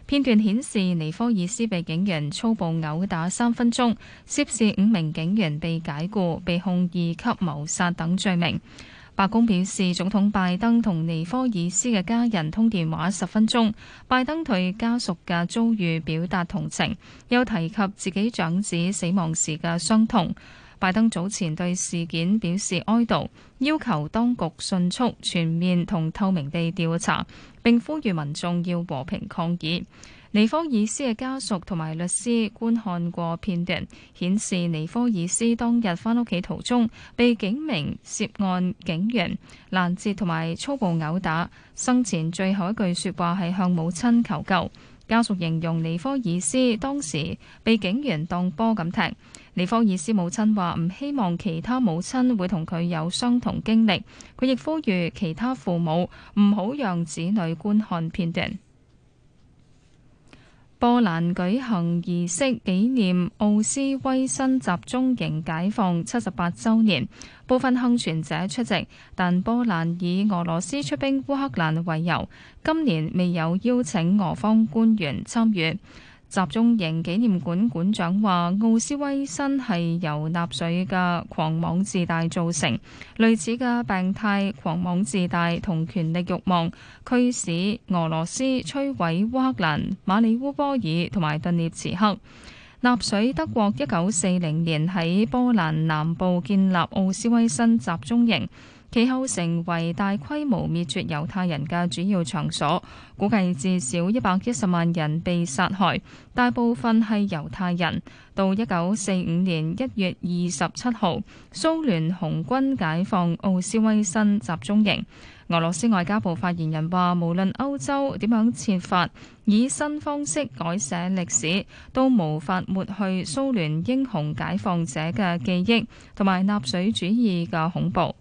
片段顯示尼科爾斯被警員粗暴毆打三分鐘，涉事五名警員被解雇，被控二級謀殺等罪名。白宮表示，總統拜登同尼科爾斯嘅家人通電話十分鐘，拜登對家屬嘅遭遇表達同情，又提及自己長子死亡時嘅傷痛。拜登早前對事件表示哀悼，要求當局迅速、全面同透明地調查，並呼籲民眾要和平抗議。尼科爾斯嘅家屬同埋律師觀看過片段，顯示尼科爾斯當日翻屋企途中被警明、涉案警員攔截同埋粗暴毆打。生前最後一句說話係向母親求救。家屬形容尼科爾斯當時被警員當波咁踢。尼科爾斯母親話唔希望其他母親會同佢有相同經歷。佢亦呼籲其他父母唔好讓子女觀看片段。波蘭舉行儀式紀念奧斯威辛集中營解放七十八周年，部分倖存者出席，但波蘭以俄羅斯出兵烏克蘭為由，今年未有邀請俄方官員參與。集中營紀念館館長話：奧斯威辛係由納粹嘅狂妄自大造成，類似嘅病態狂妄自大同權力慾望驅使俄羅斯摧毀烏克蘭、馬里烏波爾同埋頓涅茨克。納粹德國一九四零年喺波蘭南部建立奧斯威辛集中營。其後成為大規模滅絕猶太人嘅主要場所，估計至少一百一十萬人被殺害，大部分係猶太人。到一九四五年一月二十七號，蘇聯紅軍解放奧斯威辛集中營。俄羅斯外交部發言人話：無論歐洲點樣設法以新方式改寫歷史，都無法抹去蘇聯英雄解放者嘅記憶，同埋納粹主義嘅恐怖。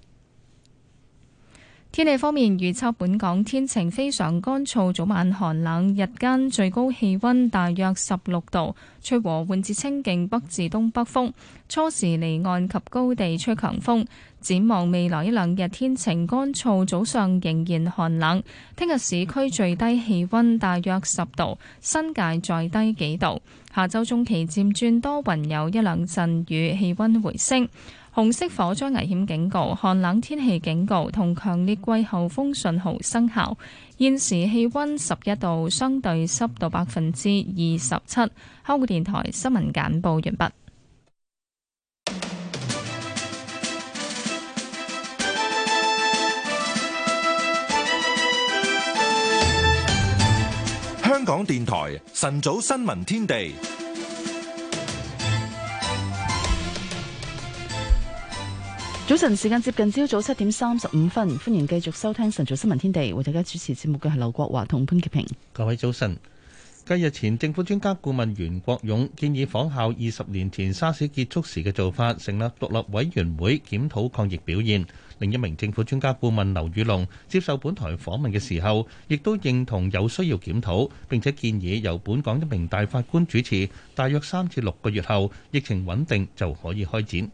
天氣方面，預測本港天晴非常乾燥，早晚寒冷，日間最高氣溫大約十六度，吹和緩至清勁北至東北風，初時離岸及高地吹強風。展望未來一兩日天晴乾燥，早上仍然寒冷，聽日市區最低氣溫大約十度，新界再低幾度。下周中期漸轉多雲，有一兩陣雨，氣溫回升。紅色火災危險警告、寒冷天氣警告同強烈季候風信號生效。現時氣溫十一度，相對濕度百分之二十七。香港電台新聞簡報完畢。香港電台晨早新聞天地。早晨，時間接近朝早七點三十五分，歡迎繼續收聽晨早新聞天地。為大家主持節目嘅係劉國華同潘潔平。各位早晨。繼日前，政府專家顧問袁國勇建議仿效二十年前沙士結束時嘅做法，成立獨立委員會檢討抗疫表現。另一名政府專家顧問劉宇龍接受本台訪問嘅時候，亦都認同有需要檢討，並且建議由本港一名大法官主持，大約三至六個月後，疫情穩定就可以開展。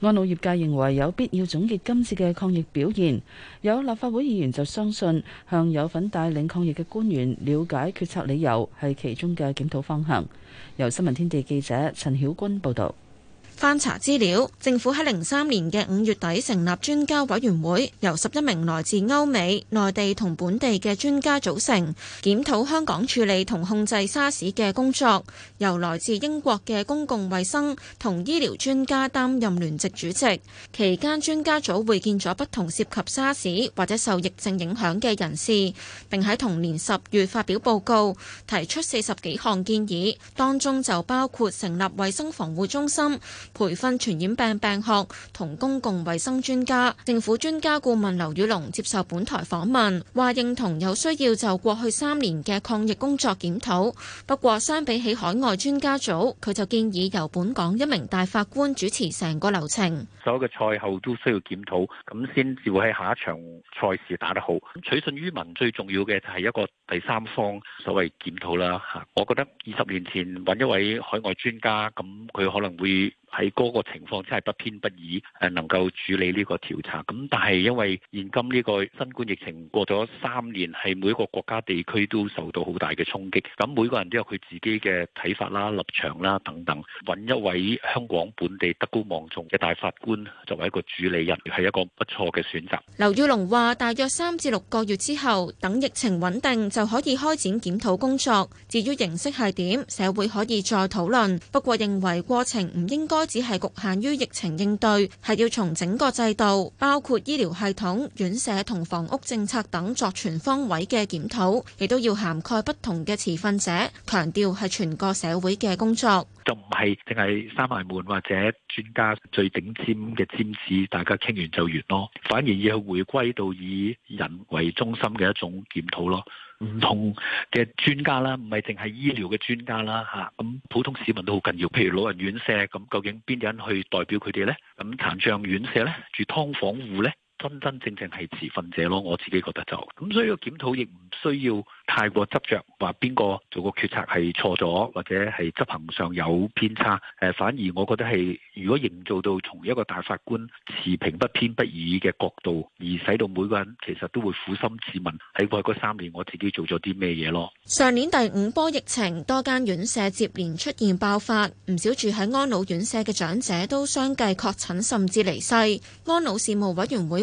安老業界認為有必要總結今次嘅抗疫表現。有立法會議員就相信，向有份帶領抗疫嘅官員了解決策理由係其中嘅檢討方向。由新聞天地記者陳曉君報導。翻查資料，政府喺零三年嘅五月底成立專家委員會，由十一名來自歐美、內地同本地嘅專家組成，檢討香港處理同控制沙士嘅工作。由來自英國嘅公共衛生同醫療專家擔任聯席主席。期間，專家組會見咗不同涉及沙士或者受疫症影響嘅人士，並喺同年十月發表報告，提出四十幾項建議，當中就包括成立衛生防護中心。培訓傳染病病學、同公共衛生專家、政府專家顧問劉宇龍接受本台訪問，話認同有需要就過去三年嘅抗疫工作檢討，不過相比起海外專家組，佢就建議由本港一名大法官主持成個流程。所有嘅賽後都需要檢討，咁先至會喺下一場賽事打得好。取信於民最重要嘅就係一個第三方所謂檢討啦。吓，我覺得二十年前，搵一位海外專家，咁佢可能會喺嗰個情況真係不偏不倚，誒能夠處理呢個調查。咁但係因為現今呢個新冠疫情過咗三年，係每個國家地區都受到好大嘅衝擊，咁每個人都有佢自己嘅睇法啦、立場啦等等。搵一位香港本地德高望重嘅大法官作為一個主理人，係一個不錯嘅選擇。劉耀龍話：大約三至六個月之後，等疫情穩定就可以開展檢討工作。至於形式係點，社會可以再討論。不過認為過程唔應該。唔只係局限於疫情應對，係要從整個制度，包括醫療系統、院舍同房屋政策等作全方位嘅檢討，亦都要涵蓋不同嘅持份者，強調係全個社會嘅工作，就唔係淨係閂埋門或者專家最頂尖嘅尖子，大家傾完就完咯，反而要回歸到以人為中心嘅一種檢討咯。唔同嘅專家啦，唔係淨係醫療嘅專家啦，嚇咁普通市民都好緊要。譬如老人院舍咁，究竟邊啲人去代表佢哋咧？咁殘障院舍咧，住劏房戶咧？真真正正係持份者咯，我自己覺得就咁，所以個檢討亦唔需要太過執着話邊個做個決策係錯咗，或者係執行上有偏差。誒，反而我覺得係如果營造到從一個大法官持平不偏不倚嘅角度，而使到每個人其實都會苦心自問，喺過去三年我自己做咗啲咩嘢咯。上年第五波疫情，多間院舍接連出現爆發，唔少住喺安老院舍嘅長者都相繼確診甚至離世。安老事務委員會。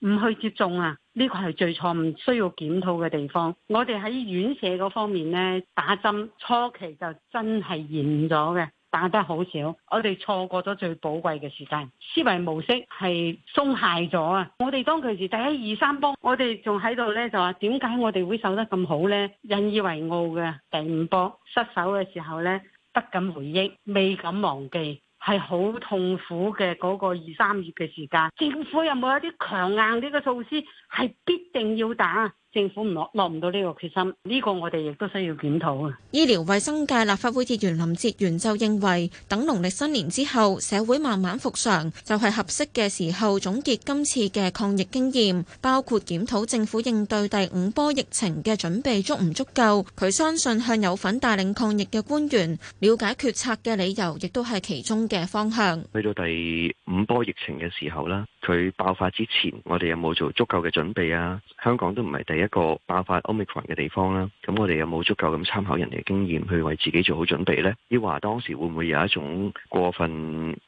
唔去接種啊！呢個係最錯誤、需要檢討嘅地方。我哋喺院舍嗰方面呢，打針初期就真係延誤咗嘅，打得好少。我哋錯過咗最寶貴嘅時間，思維模式係鬆懈咗啊！我哋當其時第一、二、三波，我哋仲喺度呢，就話：點解我哋會守得咁好呢？引以為傲嘅第五波失守嘅時候呢，不敢回憶，未敢忘記。係好痛苦嘅嗰個二三月嘅時間，政府有冇一啲強硬啲嘅措施？係必定要打。政府唔落落唔到呢個決心，呢個我哋亦都需要檢討啊！醫療衛生界立法會議員林哲源就認為，等農曆新年之後社會慢慢復常，就係合適嘅時候總結今次嘅抗疫經驗，包括檢討政府應對第五波疫情嘅準備足唔足夠。佢相信向有份帶領抗疫嘅官員了解決策嘅理由，亦都係其中嘅方向。去到第五波疫情嘅時候啦，佢爆發之前，我哋有冇做足夠嘅準備啊？香港都唔係第一個爆發 Omicron 嘅地方啦，咁我哋有冇足夠咁參考人哋嘅經驗去為自己做好準備呢？亦話當時會唔會有一種過分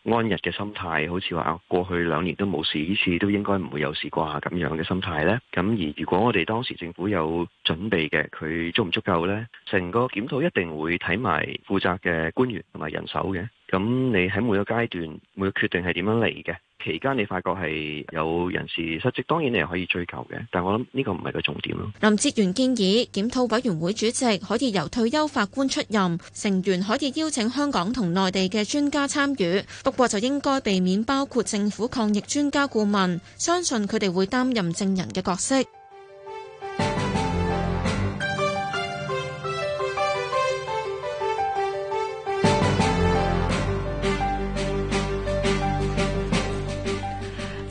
安逸嘅心態，好似話過去兩年都冇事，呢次都應該唔會有事啩，咁樣嘅心態呢？咁而如果我哋當時政府有準備嘅，佢足唔足夠呢？成個檢討一定會睇埋負責嘅官員同埋人手嘅。咁你喺每個階段每個決定係點樣嚟嘅？期間你發覺係有人事失職，當然你又可以追究嘅，但我諗呢個唔係個重點咯。林哲源建議檢討委員會主席可以由退休法官出任，成員可以邀請香港同內地嘅專家參與，不過就應該避免包括政府抗疫專家顧問，相信佢哋會擔任證人嘅角色。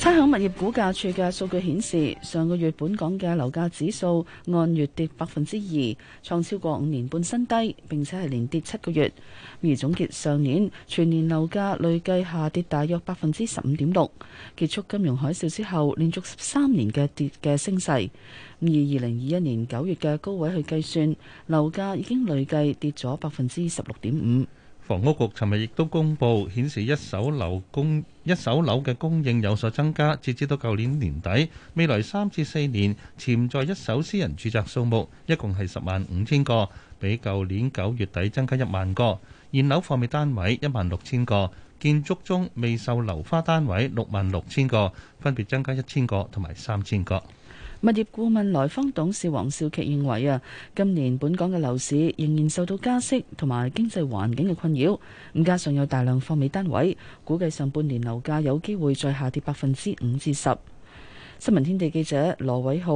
參考物業估價署嘅數據顯示，上個月本港嘅樓價指數按月跌百分之二，創超過五年半新低，並且係連跌七個月。而總結上年全年樓價累計下跌大約百分之十五點六，結束金融海嘯之後，連續十三年嘅跌嘅升勢。咁以二零二一年九月嘅高位去計算，樓價已經累計跌咗百分之十六點五。房屋局尋日亦都公佈，顯示一手樓供一手樓嘅供應有所增加。截至到舊年年底，未來三至四年潛在一手私人住宅數目一共係十萬五千個，比舊年九月底增加一萬個。現樓貨尾單位一萬六千個，建築中未售樓花單位六萬六千個，分別增加一千個同埋三千個。物業顧問來方董事黃少琪認為啊，今年本港嘅樓市仍然受到加息同埋經濟環境嘅困擾，咁加上有大量貨尾單位，估計上半年樓價有機會再下跌百分之五至十。新聞天地記者羅偉浩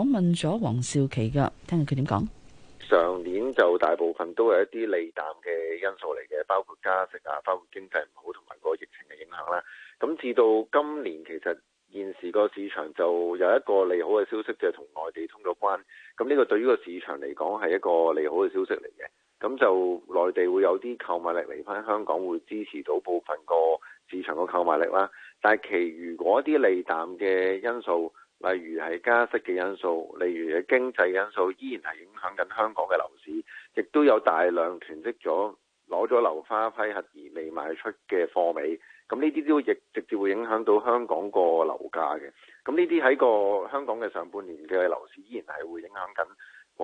訪問咗黃少琪嘅，聽下佢點講。上年就大部分都係一啲利淡嘅因素嚟嘅，包括加息啊，包括經濟唔好同埋個疫情嘅影響啦。咁至到今年其實。現時個市場就有一個利好嘅消息，就係同內地通咗關，咁呢個對於個市場嚟講係一個利好嘅消息嚟嘅。咁就內地會有啲購買力嚟翻香港，會支持到部分個市場個購買力啦。但係其餘嗰啲利淡嘅因素，例如係加息嘅因素，例如嘅經濟因素，依然係影響緊香港嘅樓市，亦都有大量囤積咗攞咗樓花批核而未賣出嘅貨尾。咁呢啲都亦直接會影響到香港個樓價嘅。咁呢啲喺個香港嘅上半年嘅樓市，依然係會影響緊，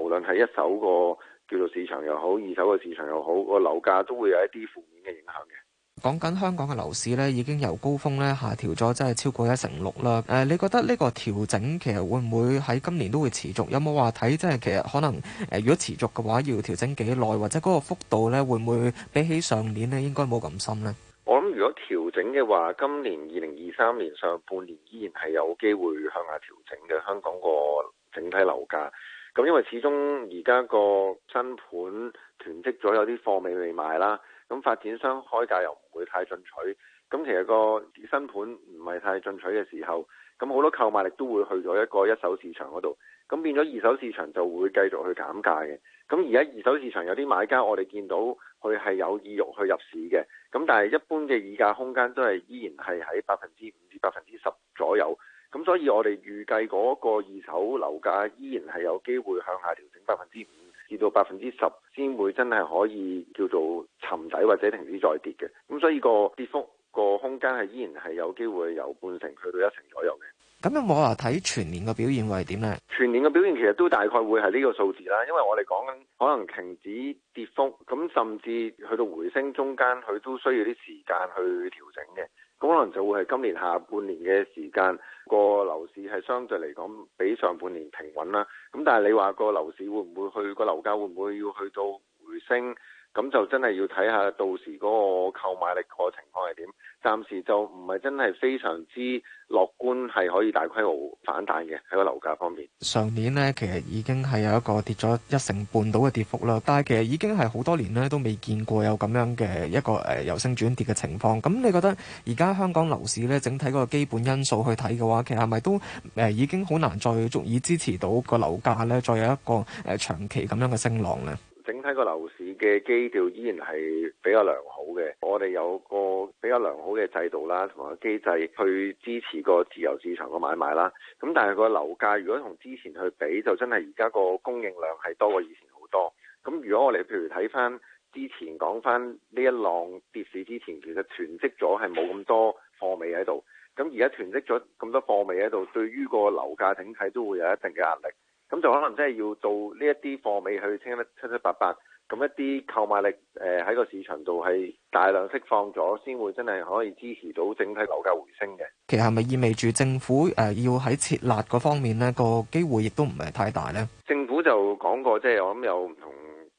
無論係一手個叫做市場又好，二手個市場又好，個樓價都會有一啲負面嘅影響嘅。講緊香港嘅樓市呢，已經由高峰呢下調咗，即係超過一成六啦。誒，你覺得呢個調整其實會唔會喺今年都會持續？有冇話睇即係其實可能誒？如果持續嘅話，要調整幾耐，或者嗰個幅度呢，會唔會比起上年呢應該冇咁深呢？我諗，如果調整嘅話，今年二零二三年上半年依然係有機會向下調整嘅香港個整體樓價。咁因為始終而家個新盤囤積咗有啲貨未未賣啦，咁發展商開價又唔會太進取，咁其實個新盤唔係太進取嘅時候，咁好多購買力都會去咗一個一手市場嗰度，咁變咗二手市場就會繼續去減價嘅。咁而家二手市場有啲買家，我哋見到佢係有意欲去入市嘅。咁但係一般嘅議價空間都係依然係喺百分之五至百分之十左右，咁所以我哋預計嗰個二手樓價依然係有機會向下調整百分之五至到百分之十，先會真係可以叫做沉底或者停止再跌嘅。咁所以個跌幅、個空間係依然係有機會由半成去到一成左右嘅。咁有冇話睇全年個表現會係點呢？全年個表現其實都大概會係呢個數字啦，因為我哋講緊可能停止跌幅，咁甚至去到回升中間，佢都需要啲時間去調整嘅。咁可能就會係今年下半年嘅時間，個樓市係相對嚟講比上半年平穩啦。咁但係你話個樓市會唔會去個樓價會唔會要去到回升？咁就真係要睇下到時嗰個購買力個情況係點。暫時就唔係真係非常之樂觀，係可以大規模反彈嘅喺個樓價方面。上年呢其實已經係有一個跌咗一成半到嘅跌幅啦。但係其實已經係好多年呢都未見過有咁樣嘅一個誒由升轉跌嘅情況。咁你覺得而家香港樓市呢，整體嗰個基本因素去睇嘅話，其實係咪都誒已經好難再足以支持到個樓價呢？再有一個誒長期咁樣嘅升浪呢？整體個樓市嘅基調依然係比較良好嘅。我哋有個比較良好嘅制度啦，同埋機制去支持個自由市場嘅買賣啦。咁但係個樓價如果同之前去比，就真係而家個供應量係多過以前好多。咁如果我哋譬如睇翻之前講翻呢一浪跌市之前，其實囤積咗係冇咁多貨尾喺度。咁而家囤積咗咁多貨尾喺度，對於個樓價整體都會有一定嘅壓力。咁就可能真係要做呢一啲貨尾去清得七七八八。咁一啲購買力，誒喺個市場度係大量釋放咗，先會真係可以支持到整體樓價回升嘅。其實係咪意味住政府誒要喺設立嗰方面呢個機會亦都唔係太大呢？政府就講過，即係我諗有唔同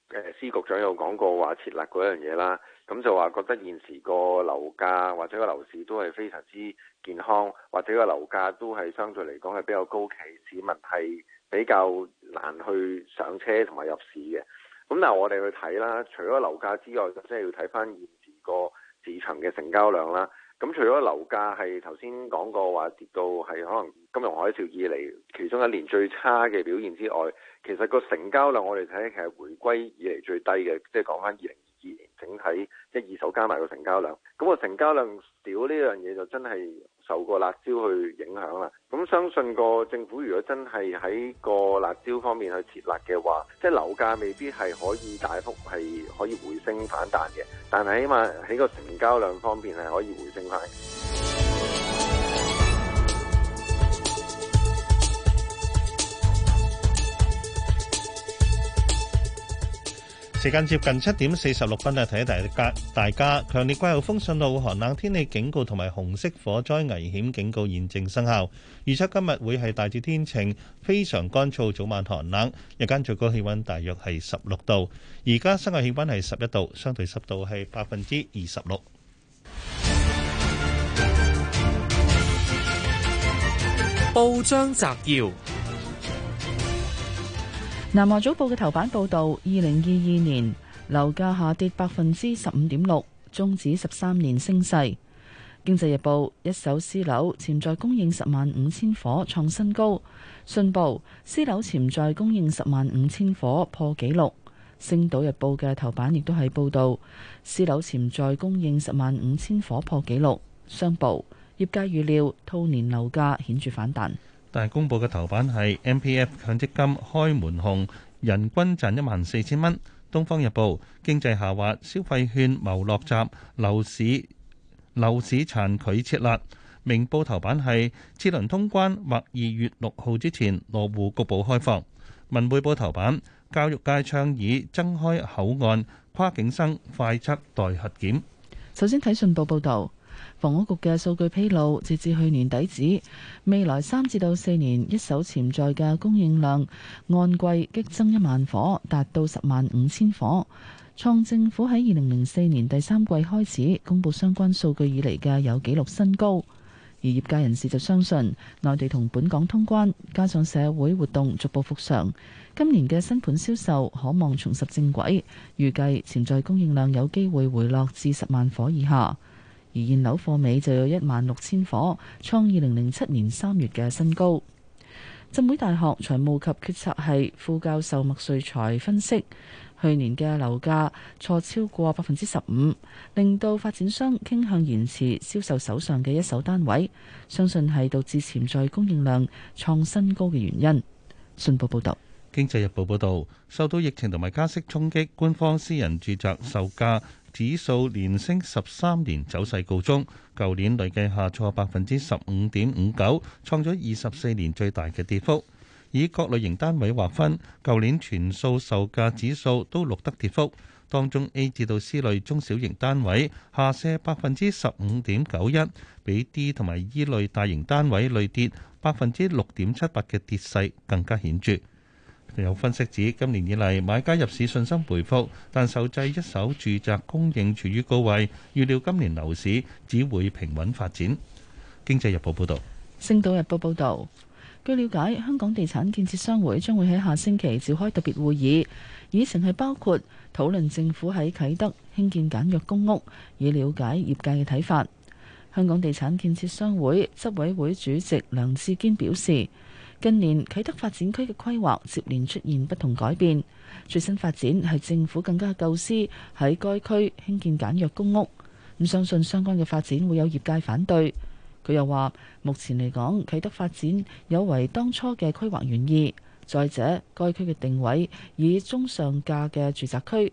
誒司局長有講過話設立嗰樣嘢啦。咁就話覺得現時個樓價或者個樓市都係非常之健康，或者個樓價都係相對嚟講係比較高企，市民係比較難去上車同埋入市嘅。咁嗱，嗯、我哋去睇啦，除咗樓價之外，就即、係、係要睇翻現時個市場嘅成交量啦。咁、嗯、除咗樓價係頭先講過話跌到係可能金融海嘯以嚟其中一年最差嘅表現之外，其實個成交量我哋睇係回歸以嚟最低嘅，即係講翻二零二二年整體即係、就係、二手加埋、嗯個成交量。咁個成交量少呢樣嘢就真係。受過辣招去影響啦，咁相信個政府如果真係喺個辣招方面去撤辣嘅話，即係樓價未必係可以大幅係可以回升反彈嘅，但係起碼喺個成交量方面係可以回升翻。時間接近七點四十六分啊！睇下大家，大家強烈季候風信號、寒冷天氣警告同埋紅色火災危險警告現正生效。預測今日會係大致天晴，非常乾燥，早晚寒冷，日間最高氣温大約係十六度。而家室外氣温係十一度，相對濕度係百分之二十六。報章摘要。南華早報嘅頭版報道，二零二二年樓價下跌百分之十五點六，終止十三年升勢。經濟日報一手私樓潛在供應十萬五千伙創新高。信報私樓潛在供應十萬五千伙破紀錄。星島日報嘅頭版亦都係報道私樓潛在供應十萬五千伙破紀錄。商報業界預料，兔年樓價顯著反彈。但係，公佈嘅頭版係 MPF 強積金開門紅，人均賺一萬四千蚊。《東方日報》經濟下滑，消費券謀落閘，樓市樓市殘佢設立。《明報》頭版係次輪通關或二月六號之前羅湖局部開放。《文匯報》頭版教育界倡議增開口岸，跨境生快測代核檢。首先睇信報報道。房屋局嘅數據披露，截至去年底止，未來三至到四年一手潛在嘅供應量按季激增一萬伙，達到十萬五千伙，創政府喺二零零四年第三季開始公布相關數據以嚟嘅有紀錄新高。而業界人士就相信，內地同本港通關，加上社會活動逐步復常，今年嘅新盤銷售可望重拾正軌，預計潛在供應量有機會回落至十萬伙以下。而現樓貨尾就有一萬六千夥，創二零零七年三月嘅新高。浸會大學財務及決策系副教授麥瑞才分析，去年嘅樓價挫超過百分之十五，令到發展商傾向延遲銷售手上嘅一手單位，相信係導致潛在供應量創新高嘅原因。信報報道。《經濟日報》報道，受到疫情同埋加息衝擊，官方私人住宅售價指數連升十三年走勢告終，舊年累計下挫百分之十五點五九，創咗二十四年最大嘅跌幅。以各類型單位劃分，舊年全數售價指數都錄得跌幅，當中 A 至到 C 類中小型單位下瀉百分之十五點九一，比 D 同埋 E 類大型單位累跌百分之六點七八嘅跌勢更加顯著。有分析指，今年以嚟買家入市信心回復，但受制一手住宅供應處於高位，預料今年樓市只會平穩發展。經濟日報報導，星島日報報導，據了解，香港地產建設商會將會喺下星期召開特別會議，議程係包括討論政府喺啟德興建簡約公屋，以了解業界嘅睇法。香港地產建設商會執委會主席梁志堅表示。近年啟德發展區嘅規劃接連出現不同改變，最新發展係政府更加構思喺該區興建簡約公屋。咁相信相關嘅發展會有業界反對。佢又話：目前嚟講，啟德發展有違當初嘅規劃原意。再者，該區嘅定位以中上價嘅住宅區。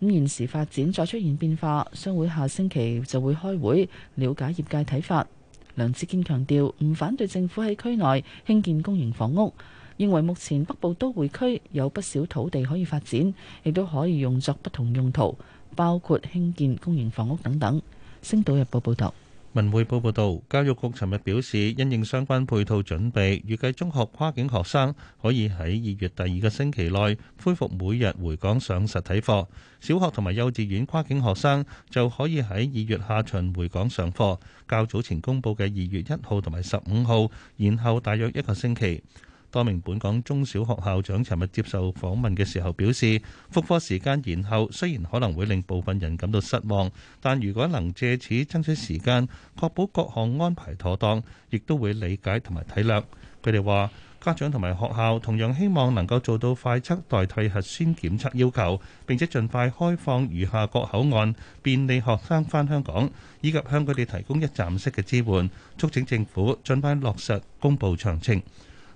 咁現時發展再出現變化，商會下星期就會開會了解業界睇法。梁志堅強調唔反對政府喺區內興建公營房屋，認為目前北部都會區有不少土地可以發展，亦都可以用作不同用途，包括興建公營房屋等等。星島日報報道。文匯報報道，教育局尋日表示，因應相關配套準備，預計中學跨境學生可以喺二月第二個星期內恢復每日回港上實體課，小學同埋幼稚園跨境學生就可以喺二月下旬回港上課。較早前公布嘅二月一號同埋十五號，延後大約一個星期。多名本港中小學校長尋日接受訪問嘅時候表示，復課時間延後雖然可能會令部分人感到失望，但如果能藉此爭取時間，確保各項安排妥當，亦都會理解同埋體諒。佢哋話：家長同埋學校同樣希望能夠做到快測代替核酸檢測要求，並且盡快開放餘下各口岸，便利學生翻香港，以及向佢哋提供一站式嘅支援，促請政府盡快落實公佈詳情。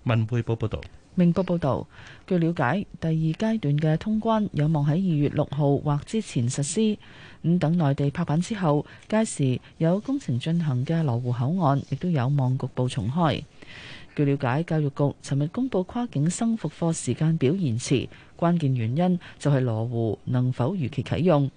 文匯報報道。明報報道，據了解，第二階段嘅通關有望喺二月六號或之前實施。咁等內地拍板之後，屆時有工程進行嘅羅湖口岸亦都有望局部重開。據了解，教育局尋日公布跨境生復課時間表延遲，關鍵原因就係羅湖能否如期啟用。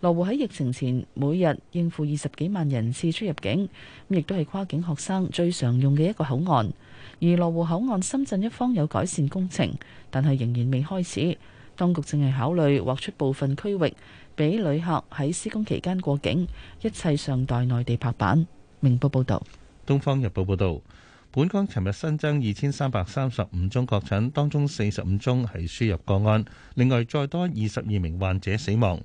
羅湖喺疫情前每日應付二十幾萬人次出入境，亦都係跨境學生最常用嘅一個口岸。而羅湖口岸深圳一方有改善工程，但係仍然未開始。當局正係考慮劃出部分區域俾旅客喺施工期間過境，一切尚待內地拍板。明報報導，東方日報報道：「本港尋日新增二千三百三十五宗確診，當中四十五宗係輸入個案，另外再多二十二名患者死亡。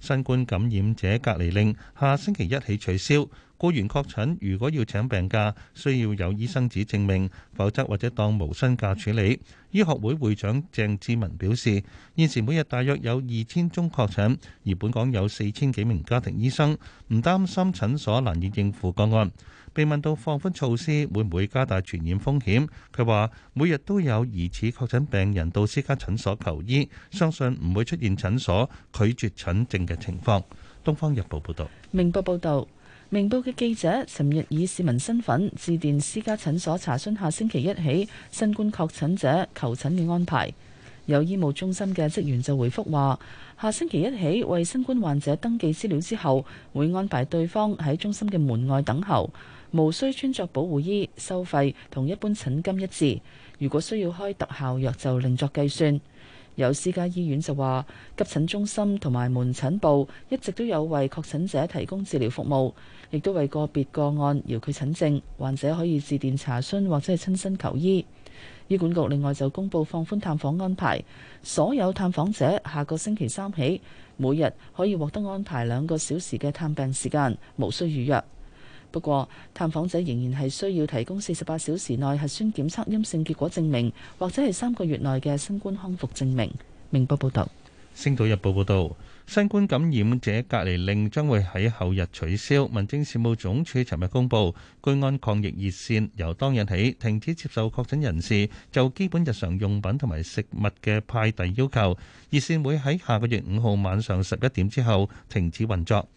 新冠感染者隔離令下星期一起取消，僱員確診，如果要請病假，需要有醫生紙證明，否則或者當無薪假處理。醫學會會長鄭志文表示，現時每日大約有二千宗確診，而本港有四千幾名家庭醫生，唔擔心診所難以應付個案。被問到放寬措施會唔會加大傳染風險，佢話：每日都有疑似確診病人到私家診所求醫，相信唔會出現診所拒絕診症嘅情況。《東方日報》報道。《明報》報道，《明報》嘅記者尋日以市民身份致電私家診所查詢下星期一起新冠確診者求診嘅安排，有醫務中心嘅職員就回覆話：下星期一起為新冠患者登記資料之後，會安排對方喺中心嘅門外等候。無需穿着保護衣，收費同一般診金一致。如果需要開特效藥，就另作計算。有私家醫院就話，急診中心同埋門診部一直都有為確診者提供治療服務，亦都為個別個案遙距診症。患者可以致電查詢或者係親身求醫。醫管局另外就公布放寬探訪安排，所有探訪者下個星期三起，每日可以獲得安排兩個小時嘅探病時間，無需預約。不過，探訪者仍然係需要提供四十八小時內核酸檢測陰性結果證明，或者係三個月內嘅新冠康復證明。明報報導，《星島日報》報道，新冠感染者隔離令將會喺後日取消。民政事務總署尋日公布，居安抗疫熱線由當日起停止接受確診人士就基本日常用品同埋食物嘅派遞要求，熱線會喺下個月五號晚上十一點之後停止運作。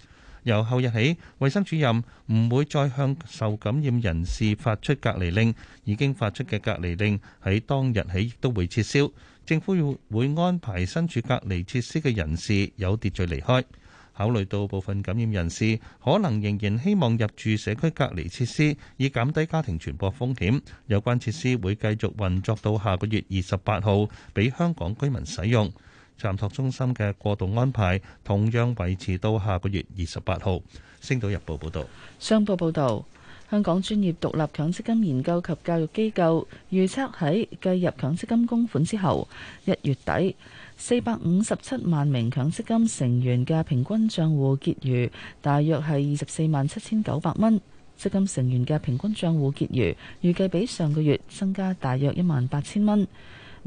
由後日起，衛生主任唔會再向受感染人士發出隔離令，已經發出嘅隔離令喺當日起亦都會撤銷。政府會安排身處隔離設施嘅人士有秩序離開。考慮到部分感染人士可能仍然希望入住社區隔離設施，以減低家庭傳播風險，有關設施會繼續運作到下個月二十八號，俾香港居民使用。暫托中心嘅過渡安排同樣維持到下個月二十八號。星島日報報道，商報報道，香港專業獨立強積金研究及教育機構預測喺計入強積金供款之後，一月底四百五十七萬名強積金成員嘅平均帳戶結餘大約係二十四萬七千九百蚊，積金成員嘅平均帳戶結餘預計比上個月增加大約一萬八千蚊。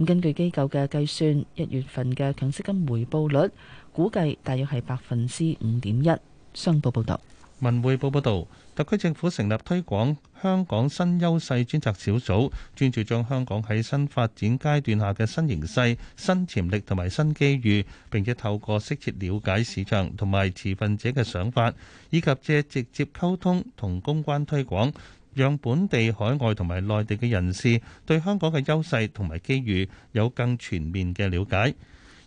根據機構嘅計算，一月份嘅強積金回報率估計大約係百分之五點一。商報報道，文匯報報道，特區政府成立推廣香港新優勢專責小組，專注將香港喺新發展階段下嘅新形勢、新潛力同埋新機遇，並且透過適切了解市場同埋持份者嘅想法，以及借直接溝通同公關推廣。讓本地、海外同埋內地嘅人士對香港嘅優勢同埋機遇有更全面嘅了解。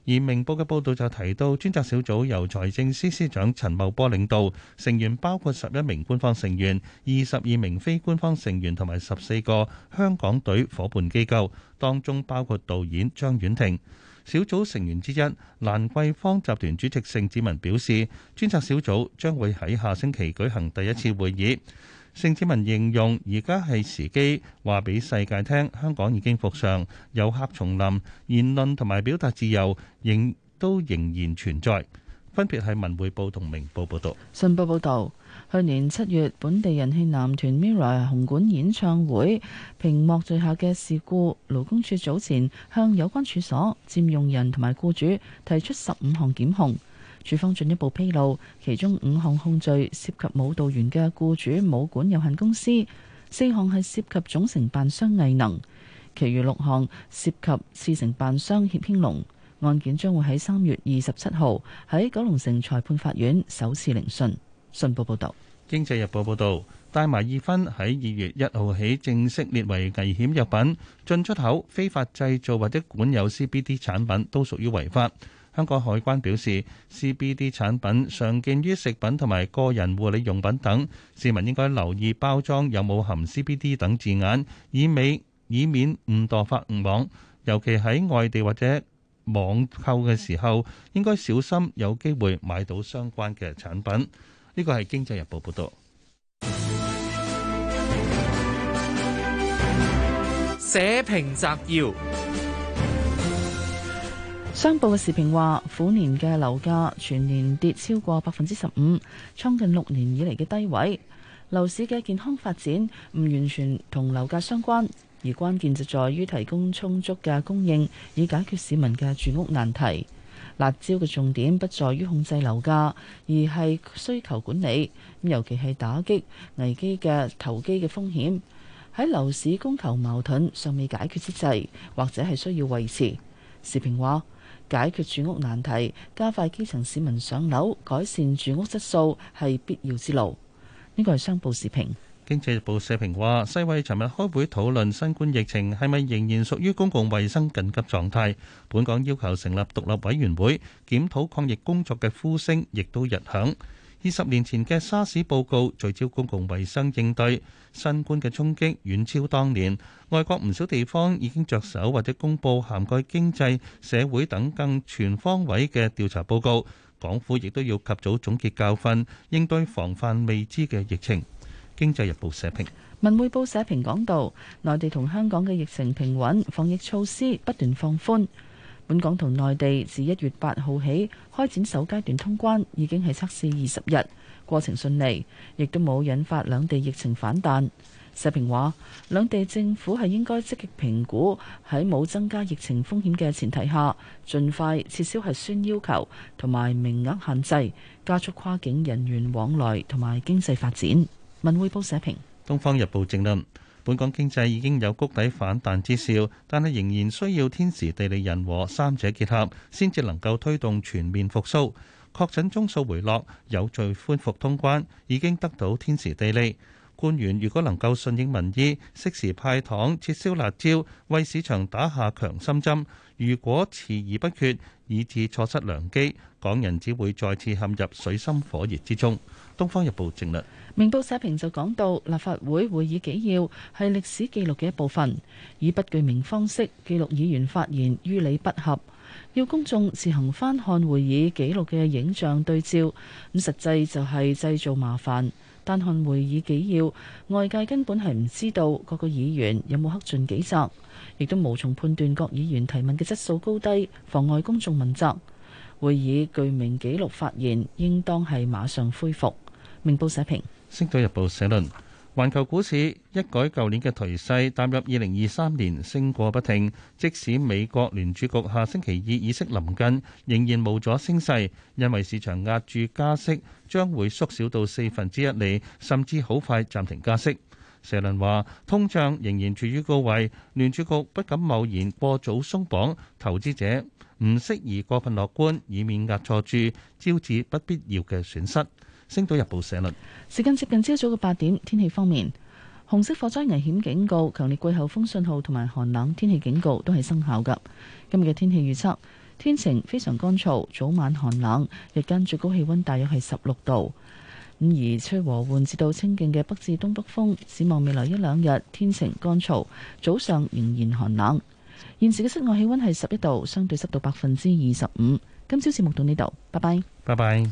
而明報嘅報導就提到，專責小組由財政司司司長陳茂波領導，成員包括十一名官方成員、二十二名非官方成員同埋十四個香港隊伙伴機構，當中包括導演張婉婷。小組成員之一蘭桂坊集團主席盛智文表示，專責小組將會喺下星期舉行第一次會議。鄭志文形容而家係時機，話俾世界聽，香港已經復常，遊客重臨，言論同埋表達自由仍都仍然存在。分別係文匯報同明報報道。信報報道，去年七月本地人氣男團 Mirror 紅館演唱會屏幕墜下嘅事故，勞工處早前向有關處所、佔用人同埋僱主提出十五項檢控。處方進一步披露，其中五項控罪涉及舞蹈員嘅雇主舞館有限公司，四項係涉及總承辦商藝能，其餘六項涉及次承辦商協興龍。案件將會喺三月二十七號喺九龍城裁判法院首次聆訊。信報報道，《經濟日報》報道，大麻二酚喺二月一號起正式列為危險藥品，進出口、非法製造或者管有 CBD 產品都屬於違法。香港海關表示，CBD 產品常見於食品同埋個人護理用品等，市民應該留意包裝有冇含 CBD 等字眼，以免以免誤墮法網。尤其喺外地或者網購嘅時候，應該小心，有機會買到相關嘅產品。呢個係《經濟日報》報道。社評摘要。商報嘅時評話，虎年嘅樓價全年跌超過百分之十五，創近六年以嚟嘅低位。樓市嘅健康發展唔完全同樓價相關，而關鍵就在於提供充足嘅供應，以解決市民嘅住屋難題。辣椒嘅重點不在於控制樓價，而係需求管理。尤其係打擊危機嘅投機嘅風險。喺樓市供求矛盾尚未解決之際，或者係需要維持。時評話。解決住屋難題、加快基層市民上樓、改善住屋質素係必要之路。呢個係商報時評。經濟報社評話，世衛尋日開會討論新冠疫情係咪仍然屬於公共衛生緊急狀態。本港要求成立獨立委員會檢討抗疫工作嘅呼聲亦都日響。二十年前嘅沙士報告聚焦公共衛生，應對新冠嘅衝擊，遠超當年。外國唔少地方已經着手或者公佈涵蓋經濟、社會等更全方位嘅調查報告。港府亦都要及早總結教訓，應對防範未知嘅疫情。經濟日報社評。文匯報社評講到，內地同香港嘅疫情平穩，防疫措施不斷放寬。本港同內地自一月八號起開展首階段通關，已經係測試二十日，過程順利，亦都冇引發兩地疫情反彈。社評話，兩地政府係應該積極評估喺冇增加疫情風險嘅前提下，盡快撤銷核酸要求同埋名額限制，加速跨境人員往來同埋經濟發展。文匯報社評，東方日報正論。本港經濟已經有谷底反彈之兆，但係仍然需要天時地利人和三者結合，先至能夠推動全面復甦。確診宗數回落，有序恢復通關，已經得到天時地利。官員如果能夠順應民意，適時派糖、撤銷辣招，為市場打下強心針。如果遲而不決，以致錯失良機，港人只會再次陷入水深火熱之中。《東方日報》正論。明報社評就講到，立法會會議紀要係歷史記錄嘅一部分，以不具名方式記錄議員發言，於理不合，要公眾自行翻看會議記錄嘅影像對照，咁實際就係製造麻煩。單看會議紀要，外界根本係唔知道各個議員有冇恪盡己責，亦都無從判斷各議員提問嘅質素高低，妨礙公眾問責。會議具名記錄發言，應當係馬上恢復。明報社評。《星島日報》社論：環球股市一改舊年嘅頹勢，踏入二零二三年升過不停。即使美國聯儲局下星期二議息臨近，仍然冇咗升勢，因為市場壓住加息將會縮小到四分之一厘，甚至好快暫停加息。社論話：通脹仍然處於高位，聯儲局不敢貿然過早鬆綁，投資者唔適宜過分樂觀，以免壓錯注，招致不必要嘅損失。《星島日報》社論，時間接近朝早嘅八點。天氣方面，紅色火災危險警告、強烈季候風信號同埋寒冷天氣警告都係生效噶。今日嘅天氣預測，天晴非常乾燥，早晚寒冷，日間最高氣溫大約係十六度。五而吹和緩至到清勁嘅北至東北風。展望未來一兩日，天晴乾燥，早上仍然寒冷。現時嘅室外氣溫係十一度，相對濕度百分之二十五。今朝節目到呢度，拜拜。拜拜。